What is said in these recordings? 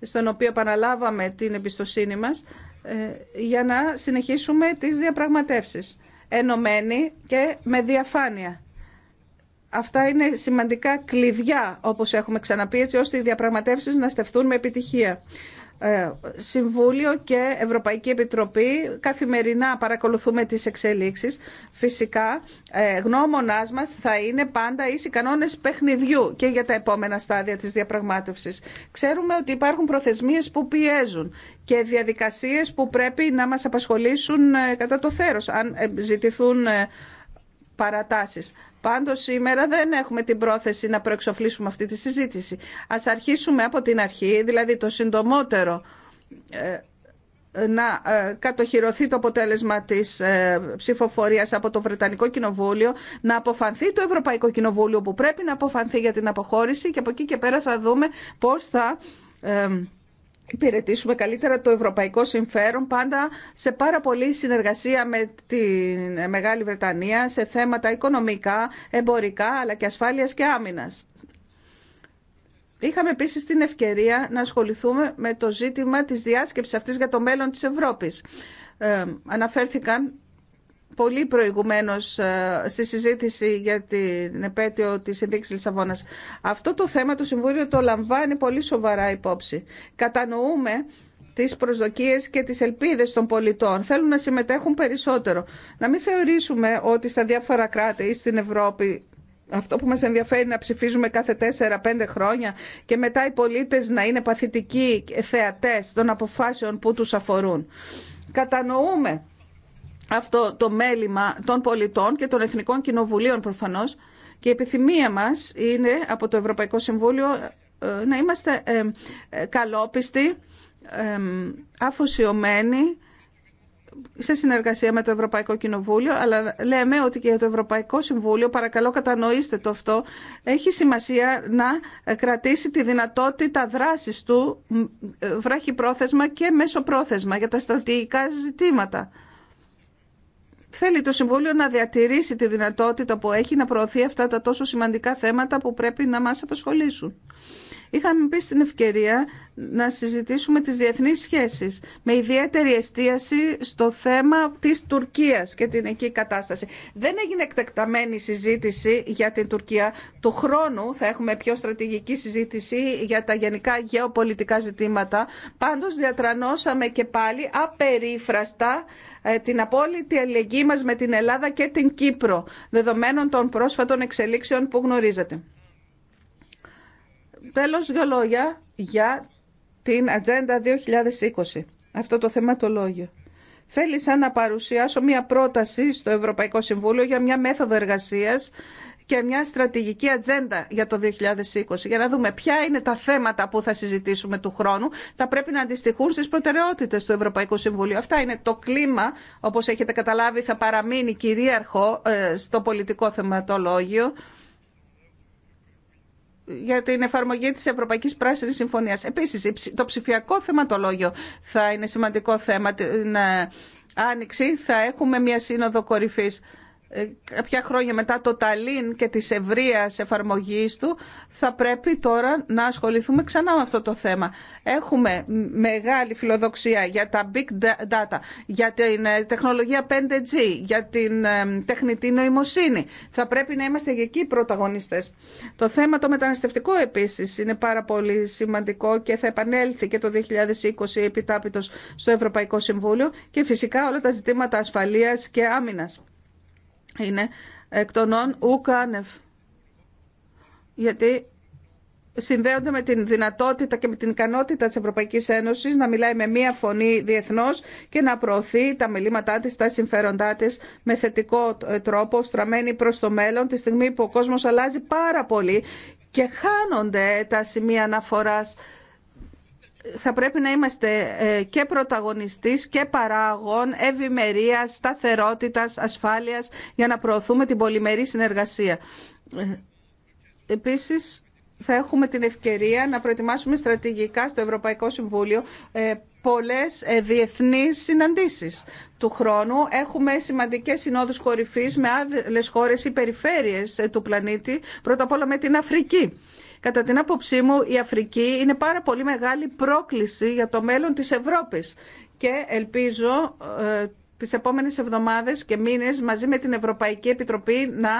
στον οποίο παραλάβαμε την εμπιστοσύνη μας, ε, για να συνεχίσουμε τις διαπραγματεύσεις, ενωμένοι και με διαφάνεια. Αυτά είναι σημαντικά κλειδιά, όπως έχουμε ξαναπεί, έτσι ώστε οι διαπραγματεύσεις να στεφθούν με επιτυχία. Ε, Συμβούλιο και Ευρωπαϊκή Επιτροπή. Καθημερινά παρακολουθούμε τις εξελίξεις. Φυσικά, ε, γνώμονάς μας θα είναι πάντα ίσοι κανόνες παιχνιδιού και για τα επόμενα στάδια της διαπραγμάτευσης. Ξέρουμε ότι υπάρχουν προθεσμίες που πιέζουν και διαδικασίες που πρέπει να μας απασχολήσουν ε, κατά το θέρος, αν ζητηθούν παρατάσεις. Πάντω σήμερα δεν έχουμε την πρόθεση να προεξοφλήσουμε αυτή τη συζήτηση. Ας αρχίσουμε από την αρχή, δηλαδή το συντομότερο ε, να ε, κατοχυρωθεί το αποτέλεσμα της ε, ψηφοφορίας από το Βρετανικό Κοινοβούλιο, να αποφανθεί το Ευρωπαϊκό Κοινοβούλιο που πρέπει να αποφανθεί για την αποχώρηση και από εκεί και πέρα θα δούμε πώς θα υπηρετήσουμε καλύτερα το ευρωπαϊκό συμφέρον πάντα σε πάρα πολλή συνεργασία με τη Μεγάλη Βρετανία σε θέματα οικονομικά, εμπορικά αλλά και ασφάλειας και άμυνας. Είχαμε επίσης την ευκαιρία να ασχοληθούμε με το ζήτημα της διάσκεψης αυτής για το μέλλον της Ευρώπης. Ε, αναφέρθηκαν πολύ προηγουμένως ε, στη συζήτηση για την επέτειο της Ενδείξης Λισαβόνας. Αυτό το θέμα το Συμβούλιο το λαμβάνει πολύ σοβαρά υπόψη. Κατανοούμε τις προσδοκίες και τις ελπίδες των πολιτών. Θέλουν να συμμετέχουν περισσότερο. Να μην θεωρήσουμε ότι στα διάφορα κράτη ή στην Ευρώπη αυτό που μας ενδιαφέρει να ψηφίζουμε κάθε 4-5 χρόνια και μετά οι πολίτες να είναι παθητικοί θεατές των αποφάσεων που τους αφορούν. Κατανοούμε αυτό το μέλημα των πολιτών και των εθνικών κοινοβουλίων προφανώς και η επιθυμία μας είναι από το Ευρωπαϊκό Συμβούλιο ε, να είμαστε ε, καλόπιστοι, ε, αφοσιωμένοι σε συνεργασία με το Ευρωπαϊκό Κοινοβούλιο, αλλά λέμε ότι και το Ευρωπαϊκό Συμβούλιο, παρακαλώ κατανοήστε το αυτό, έχει σημασία να κρατήσει τη δυνατότητα δράσης του βράχη πρόθεσμα και μέσο πρόθεσμα για τα στρατηγικά ζητήματα θέλει το Συμβούλιο να διατηρήσει τη δυνατότητα που έχει να προωθεί αυτά τα τόσο σημαντικά θέματα που πρέπει να μας απασχολήσουν. Είχαμε πει στην ευκαιρία να συζητήσουμε τις διεθνείς σχέσεις με ιδιαίτερη εστίαση στο θέμα της Τουρκίας και την εκεί κατάσταση. Δεν έγινε εκτεκταμένη συζήτηση για την Τουρκία. Του χρόνου θα έχουμε πιο στρατηγική συζήτηση για τα γενικά γεωπολιτικά ζητήματα. Πάντως διατρανώσαμε και πάλι απερίφραστα ε, την απόλυτη αλληλεγγύη μας με την Ελλάδα και την Κύπρο, δεδομένων των πρόσφατων εξελίξεων που γνωρίζετε. Τέλος, δύο λόγια για την Ατζέντα 2020, αυτό το θεματολόγιο. Θέλησα να παρουσιάσω μια πρόταση στο Ευρωπαϊκό Συμβούλιο για μια μέθοδο εργασίας και μια στρατηγική ατζέντα για το 2020 για να δούμε ποια είναι τα θέματα που θα συζητήσουμε του χρόνου. Θα πρέπει να αντιστοιχούν στις προτεραιότητες του Ευρωπαϊκού Συμβουλίου. Αυτά είναι το κλίμα, όπως έχετε καταλάβει, θα παραμείνει κυρίαρχο ε, στο πολιτικό θεματολόγιο για την εφαρμογή της Ευρωπαϊκής Πράσινης Συμφωνίας. Επίσης, το ψηφιακό θεματολόγιο θα είναι σημαντικό θέμα. Την ε, Άνοιξη θα έχουμε μια σύνοδο κορυφής ε, κάποια χρόνια μετά το Ταλίν και της ευρεία εφαρμογής του, θα πρέπει τώρα να ασχοληθούμε ξανά με αυτό το θέμα. Έχουμε μεγάλη φιλοδοξία για τα big data, για την ε, τεχνολογία 5G, για την ε, τεχνητή νοημοσύνη. Θα πρέπει να είμαστε και εκεί πρωταγωνιστές. Το θέμα το μεταναστευτικό επίσης είναι πάρα πολύ σημαντικό και θα επανέλθει και το 2020 επιτάπητος στο Ευρωπαϊκό Συμβούλιο και φυσικά όλα τα ζητήματα ασφαλείας και άμυνας είναι εκ των όν ουκ Γιατί συνδέονται με την δυνατότητα και με την ικανότητα της Ευρωπαϊκής Ένωσης να μιλάει με μία φωνή διεθνώς και να προωθεί τα μελήματά της, τα συμφέροντά της με θετικό τρόπο, στραμμένη προς το μέλλον, τη στιγμή που ο κόσμος αλλάζει πάρα πολύ και χάνονται τα σημεία αναφοράς θα πρέπει να είμαστε ε, και πρωταγωνιστής και παράγων ευημερία, σταθερότητας, ασφάλειας για να προωθούμε την πολυμερή συνεργασία. Ε, επίσης, θα έχουμε την ευκαιρία να προετοιμάσουμε στρατηγικά στο Ευρωπαϊκό Συμβούλιο ε, πολλές διεθνείς συναντήσεις του χρόνου. Έχουμε σημαντικές συνόδους κορυφής με άλλες χώρες ή περιφέρειες του πλανήτη, πρώτα απ' όλα με την Αφρική. Κατά την άποψή μου η Αφρική είναι πάρα πολύ μεγάλη πρόκληση για το μέλλον της Ευρώπης και ελπίζω ε, τις επόμενες εβδομάδες και μήνες μαζί με την Ευρωπαϊκή Επιτροπή να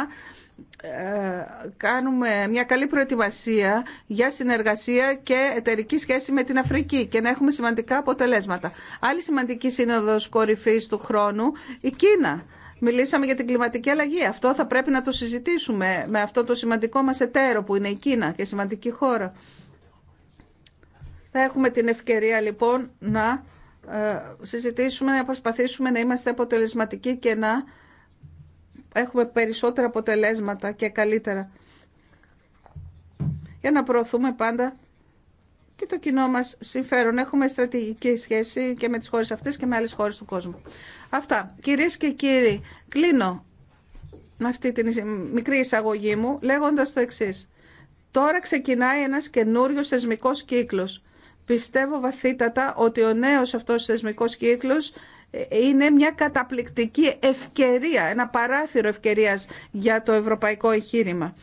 ε, κάνουμε μια καλή προετοιμασία για συνεργασία και εταιρική σχέση με την Αφρική και να έχουμε σημαντικά αποτελέσματα. Άλλη σημαντική σύνοδος κορυφής του χρόνου, η Κίνα Μιλήσαμε για την κλιματική αλλαγή. Αυτό θα πρέπει να το συζητήσουμε με αυτό το σημαντικό μας εταίρο που είναι η Κίνα και σημαντική χώρα. Θα έχουμε την ευκαιρία λοιπόν να ε, συζητήσουμε, να προσπαθήσουμε να είμαστε αποτελεσματικοί και να έχουμε περισσότερα αποτελέσματα και καλύτερα για να προωθούμε πάντα και το κοινό μας συμφέρον. Έχουμε στρατηγική σχέση και με τις χώρες αυτές και με άλλες χώρες του κόσμου. Αυτά. Κυρίες και κύριοι, κλείνω με αυτή τη μικρή εισαγωγή μου λέγοντας το εξή. Τώρα ξεκινάει ένας καινούριο θεσμικός κύκλος. Πιστεύω βαθύτατα ότι ο νέος αυτός θεσμικός κύκλος ε, είναι μια καταπληκτική ευκαιρία, ένα παράθυρο ευκαιρίας για το ευρωπαϊκό εγχείρημα.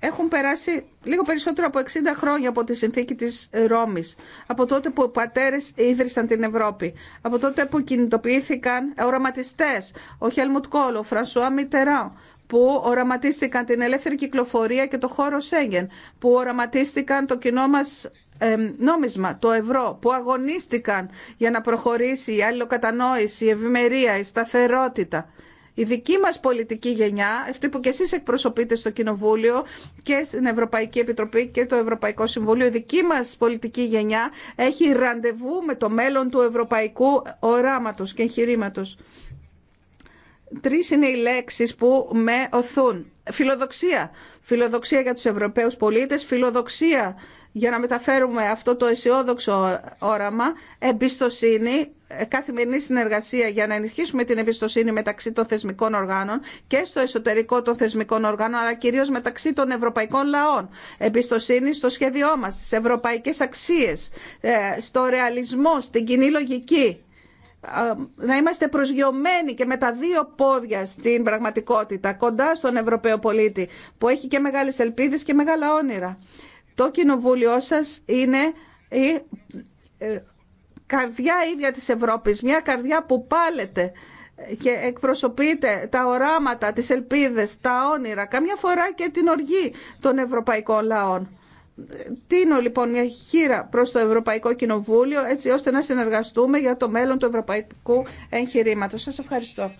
Έχουν περάσει λίγο περισσότερο από 60 χρόνια από τη συνθήκη της Ρώμης, από τότε που οι πατέρες ίδρυσαν την Ευρώπη, από τότε που κινητοποιήθηκαν οραματιστές, ο Χέλμουτ Κόλ, ο Φρανσουά Μιτερά, που οραματίστηκαν την ελεύθερη κυκλοφορία και το χώρο Σέγγεν, που οραματίστηκαν το κοινό μας νόμισμα, το ευρώ, που αγωνίστηκαν για να προχωρήσει η αλληλοκατανόηση, η ευημερία, η σταθερότητα. Η δική μας πολιτική γενιά, αυτή που και εσείς εκπροσωπείτε στο Κοινοβούλιο και στην Ευρωπαϊκή Επιτροπή και το Ευρωπαϊκό Συμβούλιο, η δική μας πολιτική γενιά έχει ραντεβού με το μέλλον του ευρωπαϊκού οράματος και εγχειρήματο. Τρεις είναι οι λέξεις που με οθούν. Φιλοδοξία. Φιλοδοξία για τους Ευρωπαίους πολίτες, φιλοδοξία για να μεταφέρουμε αυτό το αισιόδοξο όραμα, εμπιστοσύνη ε, καθημερινή συνεργασία για να ενισχύσουμε την εμπιστοσύνη μεταξύ των θεσμικών οργάνων και στο εσωτερικό των θεσμικών οργάνων, αλλά κυρίω μεταξύ των ευρωπαϊκών λαών. Εμπιστοσύνη στο σχέδιό μα, στις ευρωπαϊκέ αξίε, ε, στο ρεαλισμό, στην κοινή λογική. Ε, να είμαστε προσγειωμένοι και με τα δύο πόδια στην πραγματικότητα, κοντά στον Ευρωπαίο πολίτη, που έχει και μεγάλες ελπίδες και μεγάλα όνειρα. Το κοινοβούλιο σα είναι καρδιά ίδια της Ευρώπης, μια καρδιά που πάλεται και εκπροσωπείται τα οράματα, τις ελπίδες, τα όνειρα, καμιά φορά και την οργή των ευρωπαϊκών λαών. Τίνω λοιπόν μια χείρα προς το Ευρωπαϊκό Κοινοβούλιο έτσι ώστε να συνεργαστούμε για το μέλλον του ευρωπαϊκού εγχειρήματος. Σας ευχαριστώ.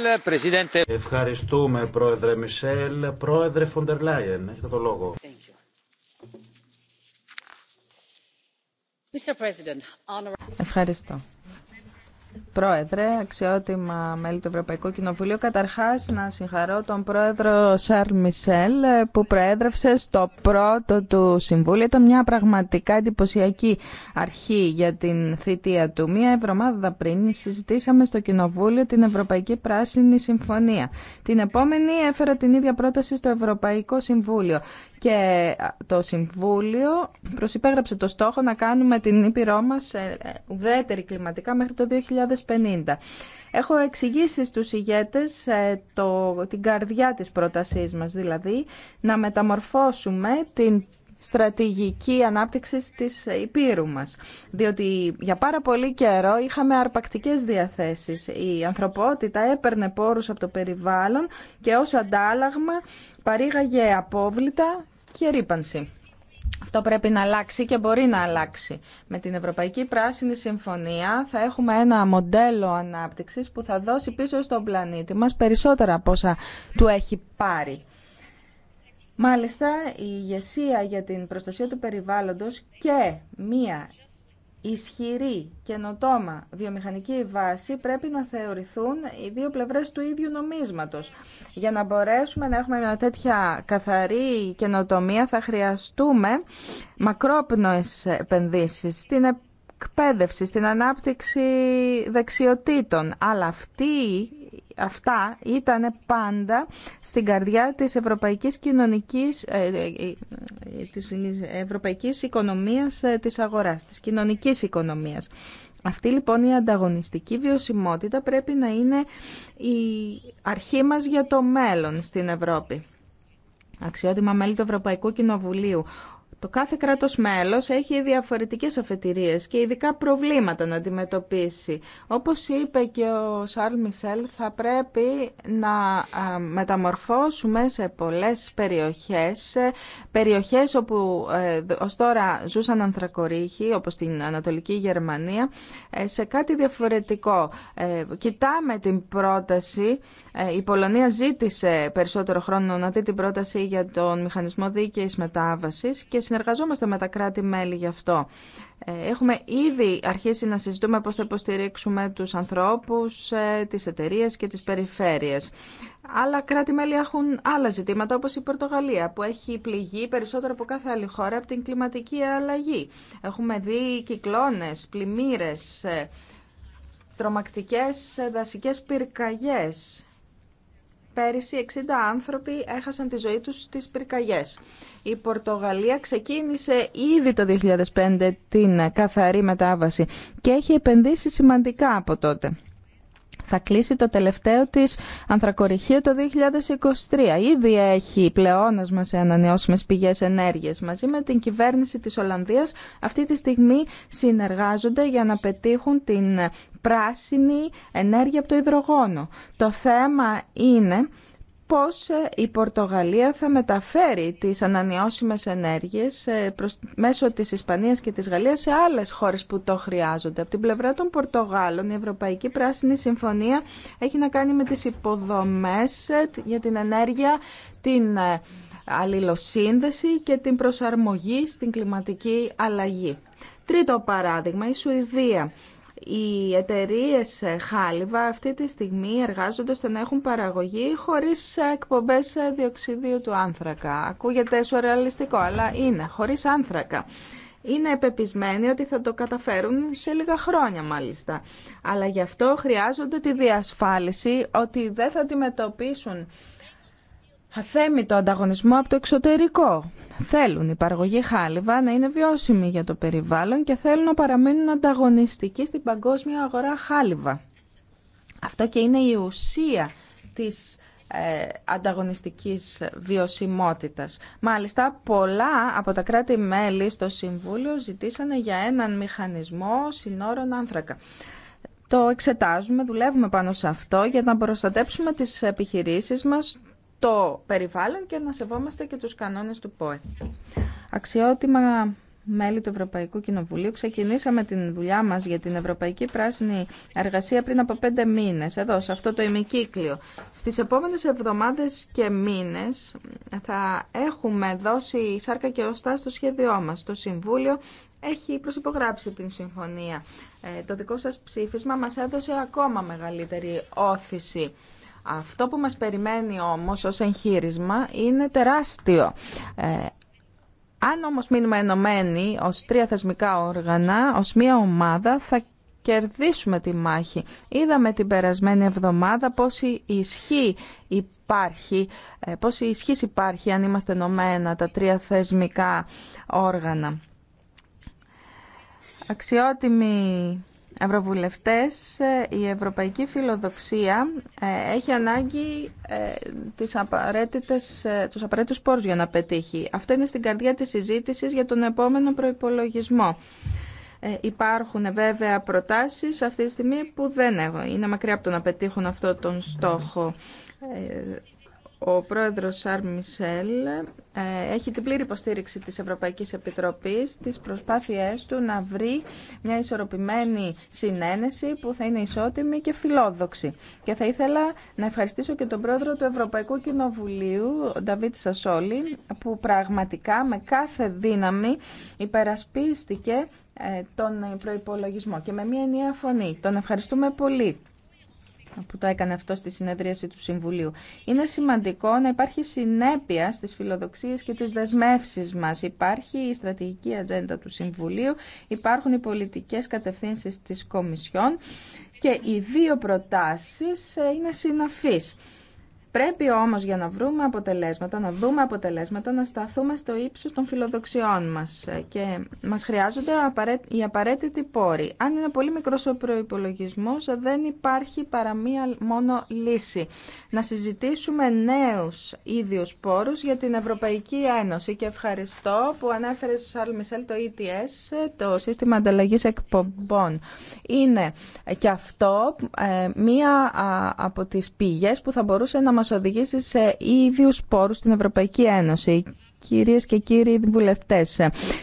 Ευχαριστούμε Πρόεδρε Μισελ. Πρόεδρε Φοντερ Λάιεν, έχετε το λόγο. Ευχαριστώ. Πρόεδρε, αξιότιμα μέλη του Ευρωπαϊκού Κοινοβουλίου, καταρχάς να συγχαρώ τον πρόεδρο Σαρ Μισελ που προέδρευσε στο πρώτο του Συμβούλιο. Ήταν μια πραγματικά εντυπωσιακή αρχή για την θητεία του. Μια εβδομάδα πριν συζητήσαμε στο Κοινοβούλιο την Ευρωπαϊκή Πράσινη Συμφωνία. Την επόμενη έφερα την ίδια πρόταση στο Ευρωπαϊκό Συμβούλιο και το Συμβούλιο προσυπέγραψε το στόχο να κάνουμε την Ήπειρό μας ουδέτερη κλιματικά μέχρι το 2050. Έχω εξηγήσει στους ηγέτες ε, το, την καρδιά της πρότασής μας, δηλαδή να μεταμορφώσουμε την στρατηγική ανάπτυξη της Υπήρου μας. Διότι για πάρα πολύ καιρό είχαμε αρπακτικές διαθέσεις. Η ανθρωπότητα έπαιρνε πόρους από το περιβάλλον και ως αντάλλαγμα παρήγαγε απόβλητα και ρήπανση. Αυτό πρέπει να αλλάξει και μπορεί να αλλάξει. Με την Ευρωπαϊκή Πράσινη Συμφωνία θα έχουμε ένα μοντέλο ανάπτυξης που θα δώσει πίσω στον πλανήτη μας περισσότερα από όσα του έχει πάρει. Μάλιστα, η ηγεσία για την προστασία του περιβάλλοντος και μία ισχυρή καινοτόμα βιομηχανική βάση πρέπει να θεωρηθούν οι δύο πλευρές του ίδιου νομίσματος. Για να μπορέσουμε να έχουμε μια τέτοια καθαρή καινοτομία θα χρειαστούμε μακρόπνοες επενδύσεις στην εκπαίδευση, στην ανάπτυξη δεξιοτήτων. Αλλά αυτή αυτά ήταν πάντα στην καρδιά της ευρωπαϊκής κοινωνικής, ε, ε, ε, της ευρωπαϊκής οικονομίας της αγοράς, της κοινωνικής οικονομίας. Αυτή λοιπόν η ανταγωνιστική βιωσιμότητα πρέπει να είναι η αρχή μας για το μέλλον στην Ευρώπη. Αξιότιμα μέλη του Ευρωπαϊκού Κοινοβουλίου, το κάθε κράτος μέλος έχει διαφορετικές αφετηρίες και ειδικά προβλήματα να αντιμετωπίσει. Όπως είπε και ο Σαρλ Μισελ, θα πρέπει να μεταμορφώσουμε σε πολλές περιοχές, περιοχές όπου ε, ως τώρα ζούσαν ανθρακορίχοι, όπως την Ανατολική Γερμανία, ε, σε κάτι διαφορετικό. Ε, κοιτάμε την πρόταση, η Πολωνία ζήτησε περισσότερο χρόνο να δει την πρόταση για τον μηχανισμό δίκαιης μετάβασης και συνεργαζόμαστε με τα κράτη-μέλη γι' αυτό. Ε, έχουμε ήδη αρχίσει να συζητούμε πώς θα υποστηρίξουμε τους ανθρώπους, ε, τις εταιρείες και τις περιφέρειες. Άλλα κράτη-μέλη έχουν άλλα ζητήματα, όπως η Πορτογαλία, που έχει πληγεί περισσότερο από κάθε άλλη χώρα από την κλιματική αλλαγή. Έχουμε δει κυκλώνες, πλημμύρες, ε, τρομακτικές δασικές πυρκαγιές Πέρυσι 60 άνθρωποι έχασαν τη ζωή τους στις πυρκαγιές. Η Πορτογαλία ξεκίνησε ήδη το 2005 την καθαρή μετάβαση και έχει επενδύσει σημαντικά από τότε. Θα κλείσει το τελευταίο της ανθρακοριχείο το 2023. Ήδη έχει πλεόνασμα σε ανανεώσιμες πηγές ενέργειας. Μαζί με την κυβέρνηση της Ολλανδίας αυτή τη στιγμή συνεργάζονται για να πετύχουν την πράσινη ενέργεια από το υδρογόνο. Το θέμα είναι πώς ε, η Πορτογαλία θα μεταφέρει τις ανανεώσιμες ενέργειες ε, μέσω της Ισπανίας και της Γαλλίας σε άλλες χώρες που το χρειάζονται. Από την πλευρά των Πορτογάλων η Ευρωπαϊκή Πράσινη Συμφωνία έχει να κάνει με τις υποδομές ε, για την ενέργεια, την αλληλοσύνδεση και την προσαρμογή στην κλιματική αλλαγή. Τρίτο παράδειγμα, η Σουηδία οι εταιρείε ε, χάλιβα αυτή τη στιγμή εργάζονται στο να έχουν παραγωγή χωρίς ε, εκπομπές ε, διοξιδίου του άνθρακα. Ακούγεται σορεαλιστικό, αλλά είναι χωρί άνθρακα. Είναι επεπισμένοι ότι θα το καταφέρουν σε λίγα χρόνια μάλιστα. Αλλά γι' αυτό χρειάζονται τη διασφάλιση ότι δεν θα αντιμετωπίσουν το ανταγωνισμό από το εξωτερικό. Θέλουν η παραγωγή χάλιβα να είναι βιώσιμη για το περιβάλλον και θέλουν να παραμένουν ανταγωνιστικοί στην παγκόσμια αγορά χάλιβα. Αυτό και είναι η ουσία της ε, ανταγωνιστικής βιωσιμότητας. Μάλιστα, πολλά από τα κράτη-μέλη στο Συμβούλιο ζητήσανε για έναν μηχανισμό συνόρων άνθρακα. Το εξετάζουμε, δουλεύουμε πάνω σε αυτό για να προστατέψουμε τις επιχειρήσεις μας το περιβάλλον και να σεβόμαστε και τους κανόνες του ΠΟΕ. Αξιότιμα μέλη του Ευρωπαϊκού Κοινοβουλίου, ξεκινήσαμε την δουλειά μας για την Ευρωπαϊκή Πράσινη Εργασία πριν από πέντε μήνες, εδώ, σε αυτό το ημικύκλιο. Στις επόμενες εβδομάδες και μήνες θα έχουμε δώσει σάρκα και οστά στο σχέδιό μας. Το Συμβούλιο έχει προσυπογράψει την συμφωνία. Ε, το δικό σας ψήφισμα μας έδωσε ακόμα μεγαλύτερη όθηση. Αυτό που μας περιμένει όμως ως εγχείρισμα είναι τεράστιο. Ε, αν όμως μείνουμε ενωμένοι ως τρία θεσμικά όργανα, ως μία ομάδα, θα κερδίσουμε τη μάχη. Είδαμε την περασμένη εβδομάδα πόση ισχύ υπάρχει, ε, πόση ισχύς υπάρχει αν είμαστε ενωμένα τα τρία θεσμικά όργανα. Αξιότιμη ευρωβουλευτές, ε, η ευρωπαϊκή φιλοδοξία ε, έχει ανάγκη ε, τις απαραίτητες, τους απαραίτητους πόρους για να πετύχει. Αυτό είναι στην καρδιά της συζήτησης για τον επόμενο προϋπολογισμό. υπάρχουν βέβαια προτάσεις αυτή τη στιγμή που δεν Είναι μακριά από το να πετύχουν αυτό τον στόχο. Ο πρόεδρος Σαρ ε, έχει την πλήρη υποστήριξη της Ευρωπαϊκής Επιτροπής στις προσπάθειές του να βρει μια ισορροπημένη συνένεση που θα είναι ισότιμη και φιλόδοξη. Και θα ήθελα να ευχαριστήσω και τον πρόεδρο του Ευρωπαϊκού Κοινοβουλίου, ο Νταβίτ Σασόλη, που πραγματικά με κάθε δύναμη υπερασπίστηκε ε, τον προϋπολογισμό και με μια ενιαία φωνή. Τον ευχαριστούμε πολύ που το έκανε αυτό στη συνεδρίαση του Συμβουλίου. Είναι σημαντικό να υπάρχει συνέπεια στις φιλοδοξίες και τις δεσμεύσεις μας. Υπάρχει η στρατηγική ατζέντα του Συμβουλίου, υπάρχουν οι πολιτικές κατευθύνσεις της Κομισιόν και οι δύο προτάσεις ε, είναι συναφείς. Πρέπει όμως για να βρούμε αποτελέσματα, να δούμε αποτελέσματα, να σταθούμε στο ύψος των φιλοδοξιών μας και μας χρειάζονται οι απαραίτητοι πόροι. Αν είναι πολύ μικρός ο προϋπολογισμός δεν υπάρχει παρά μία μόνο λύση. Να συζητήσουμε νέους ίδιους πόρους για την Ευρωπαϊκή Ένωση και ευχαριστώ που ανέφερες Σαρλ Μισελ το ETS, το Σύστημα Ανταλλαγής Εκπομπών. Είναι και αυτό ε, μία από τις πήγες που θα μπορούσε να μας οδηγήσει σε ίδιους πόρους στην Ευρωπαϊκή Ένωση. Κυρίες και κύριοι βουλευτές,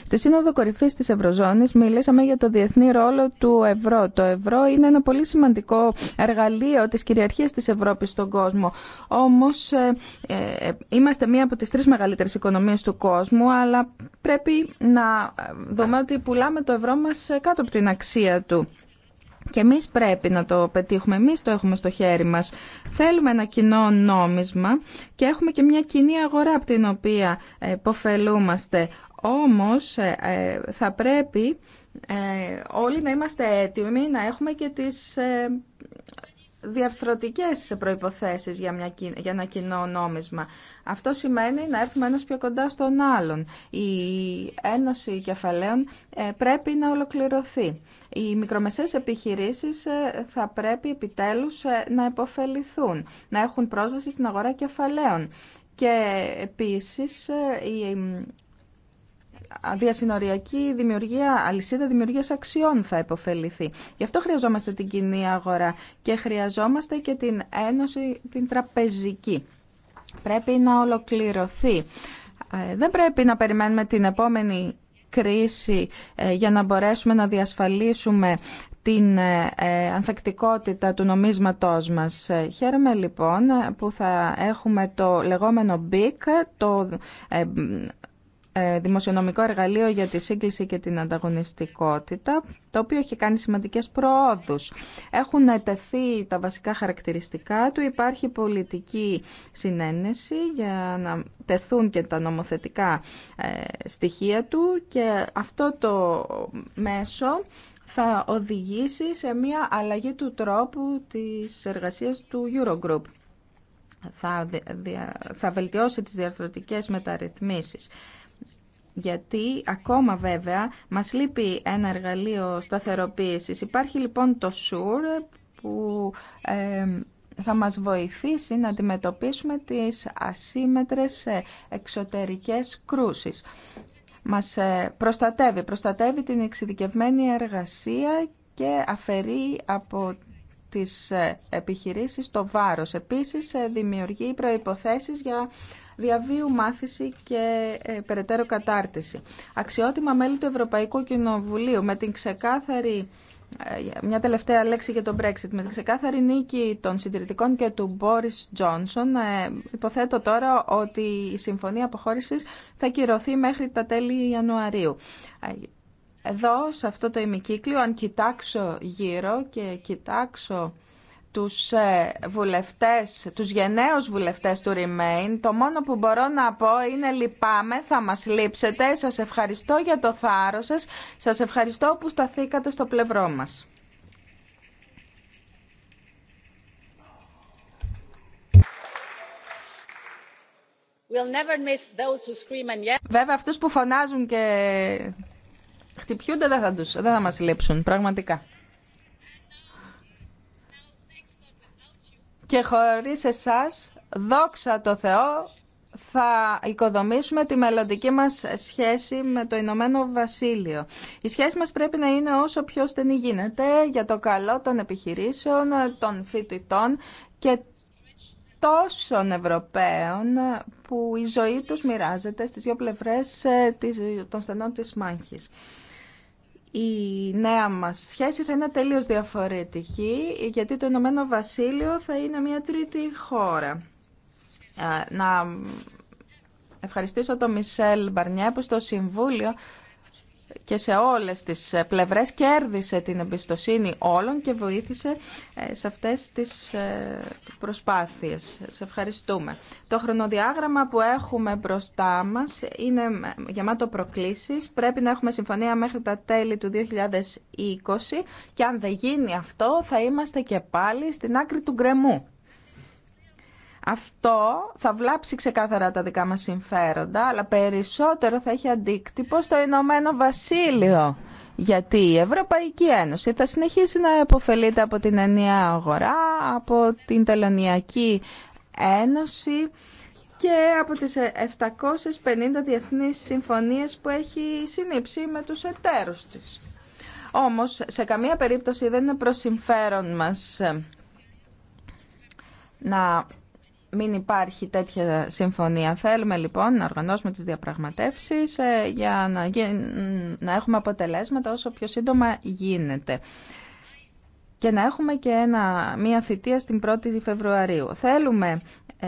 στη Σύνοδο Κορυφής της Ευρωζώνης μιλήσαμε για το διεθνή ρόλο του ευρώ. Το ευρώ είναι ένα πολύ σημαντικό εργαλείο της κυριαρχίας της Ευρώπης στον κόσμο. Όμως ε, ε, είμαστε μία από τις τρεις μεγαλύτερες οικονομίες του κόσμου, αλλά πρέπει να δούμε ότι πουλάμε το ευρώ μας κάτω από την αξία του. Και εμείς πρέπει να το πετύχουμε, εμείς το έχουμε στο χέρι μας. Θέλουμε ένα κοινό νόμισμα και έχουμε και μια κοινή αγορά από την οποία ε, υποφελούμαστε. Όμως ε, ε, θα πρέπει όλοι να είμαστε έτοιμοι να έχουμε και τις διαρθρωτικές προϋποθέσεις για, για ένα κοινό νόμισμα. Αυτό σημαίνει να έρθουμε ένας πιο κοντά στον άλλον. Η Ένωση Κεφαλαίων ε, πρέπει να ολοκληρωθεί. Οι μικρομεσαίες επιχειρήσεις ε, θα πρέπει επιτέλους ε, να επωφεληθούν, να έχουν πρόσβαση στην αγορά κεφαλαίων. Και επίσης η διασυνοριακή δημιουργία, αλυσίδα δημιουργίας αξιών θα υποφεληθεί. Γι' αυτό χρειαζόμαστε την κοινή αγορά και χρειαζόμαστε και την ένωση την τραπεζική. Πρέπει να ολοκληρωθεί. Ε, δεν πρέπει να περιμένουμε την επόμενη κρίση ε, για να μπορέσουμε να διασφαλίσουμε την ε, ανθεκτικότητα του νομίσματός μας. Χαίρομαι λοιπόν που θα έχουμε το λεγόμενο BIC, το ε, δημοσιονομικό εργαλείο για τη σύγκληση και την ανταγωνιστικότητα, το οποίο έχει κάνει σημαντικές προόδους. Έχουν τεθεί τα βασικά χαρακτηριστικά του, υπάρχει πολιτική συνένεση για να τεθούν και τα νομοθετικά ε, στοιχεία του και αυτό το μέσο θα οδηγήσει σε μια αλλαγή του τρόπου της εργασίας του Eurogroup θα, βελτιώσει τις διαρθρωτικές μεταρρυθμίσεις γιατί ακόμα βέβαια μας λείπει ένα εργαλείο σταθεροποίησης. Υπάρχει λοιπόν το ΣΟΥΡ που θα μας βοηθήσει να αντιμετωπίσουμε τις ασύμετρες ε, εξωτερικές κρούσεις. Μας ε, προστατεύει, προστατεύει την εξειδικευμένη εργασία και αφαιρεί από τις ε, επιχειρήσεις το βάρος. Επίσης δημιουργεί προϋποθέσεις για διαβίου μάθηση και ε, περαιτέρω κατάρτιση. Αξιότιμα μέλη του Ευρωπαϊκού Κοινοβουλίου με την ξεκάθαρη ε, μια τελευταία λέξη για τον Brexit. Με την ξεκάθαρη νίκη των συντηρητικών και του Μπόρις Τζόνσον, ε, υποθέτω τώρα ότι η συμφωνία αποχώρησης θα κυρωθεί μέχρι τα τέλη Ιανουαρίου. Εδώ, σε αυτό το ημικύκλιο, αν κοιτάξω γύρω και κοιτάξω τους ε, βουλευτές, τους γενναίους βουλευτές του Remain. Το μόνο που μπορώ να πω είναι λυπάμαι, θα μας λείψετε. Σας ευχαριστώ για το θάρρος σας. Σας ευχαριστώ που σταθήκατε στο πλευρό μας. We'll Βέβαια αυτούς που φωνάζουν και χτυπιούνται δεν θα, τους, δεν θα μας λείψουν, πραγματικά. και χωρίς εσάς, δόξα το Θεό, θα οικοδομήσουμε τη μελλοντική μας σχέση με το Ηνωμένο Βασίλειο. Η σχέση μας πρέπει να είναι όσο πιο στενή γίνεται για το καλό των επιχειρήσεων, των φοιτητών και τόσων Ευρωπαίων που η ζωή τους μοιράζεται στις δύο πλευρές ε, των στενών της μάχης η νέα μας σχέση θα είναι τελείως διαφορετική γιατί το Ηνωμένο Βασίλειο θα είναι μια τρίτη χώρα. Να ευχαριστήσω τον Μισελ Μπαρνιέ που στο Συμβούλιο και σε όλες τις ε, πλευρές κέρδισε την εμπιστοσύνη όλων και βοήθησε ε, σε αυτές τις ε, προσπάθειες. Σε ευχαριστούμε. Το χρονοδιάγραμμα που έχουμε μπροστά μας είναι γεμάτο προκλήσεις. Πρέπει να έχουμε συμφωνία μέχρι τα τέλη του 2020 και αν δεν γίνει αυτό θα είμαστε και πάλι στην άκρη του γκρεμού. Αυτό θα βλάψει ξεκάθαρα τα δικά μας συμφέροντα, αλλά περισσότερο θα έχει αντίκτυπο στο Ηνωμένο Βασίλειο. Γιατί η Ευρωπαϊκή Ένωση θα συνεχίσει να επωφελείται από την ενιαία αγορά, από την Τελωνιακή Ένωση και από τις 750 διεθνείς συμφωνίες που έχει συνήψει με τους εταίρους της. Όμως, σε καμία περίπτωση δεν είναι προς συμφέρον μας να μην υπάρχει τέτοια συμφωνία. Θέλουμε λοιπόν να οργανώσουμε τις διαπραγματεύσεις ε, για να, να έχουμε αποτελέσματα όσο πιο σύντομα γίνεται και να έχουμε και ένα, μια θητεία στην 1η Φεβρουαρίου. Θέλουμε ε,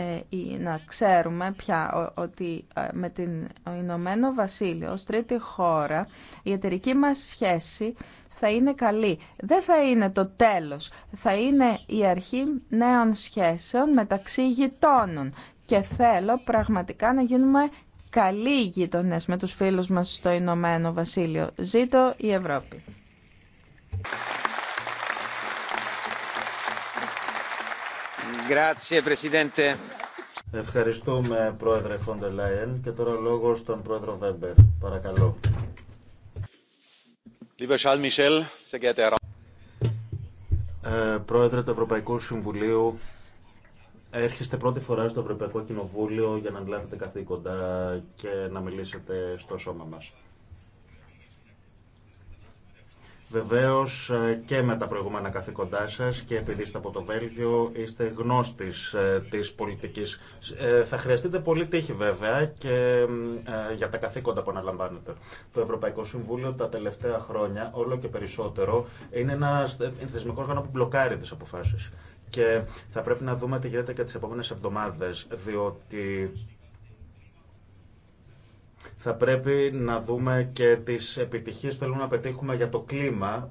να ξέρουμε πια ότι ε, με την Ηνωμένο Βασίλειο ως τρίτη χώρα η εταιρική μας σχέση θα είναι καλή. Δεν θα είναι το τέλος. Θα είναι η αρχή νέων σχέσεων μεταξύ γειτόνων. Και θέλω πραγματικά να γίνουμε καλοί γείτονες με τους φίλους μας στο Ηνωμένο Βασίλειο. Ζήτω η Ευρώπη. Ευχαριστούμε, Πρόεδρε Φόντε Και τώρα λόγο στον Πρόεδρο Βέμπερ. Παρακαλώ. Ε, Πρόεδρε του Ευρωπαϊκού Συμβουλίου, έρχεστε πρώτη φορά στο Ευρωπαϊκό Κοινοβούλιο για να λάβετε καθήκοντα και να μιλήσετε στο σώμα μας. Βεβαίω ε, και με τα προηγούμενα καθήκοντά σα και επειδή είστε από το Βέλγιο, είστε γνώστη ε, τη πολιτική. Ε, θα χρειαστείτε πολύ τύχη βέβαια και για τα καθήκοντα που αναλαμβάνετε. Το Ευρωπαϊκό Συμβούλιο τα τελευταία χρόνια, όλο και περισσότερο, είναι ένα θεσμικό όργανο που μπλοκάρει τι αποφάσει. Και θα πρέπει να δούμε τι γίνεται και τι επόμενε εβδομάδε, διότι θα πρέπει να δούμε και τις επιτυχίες που θέλουμε να πετύχουμε για το κλίμα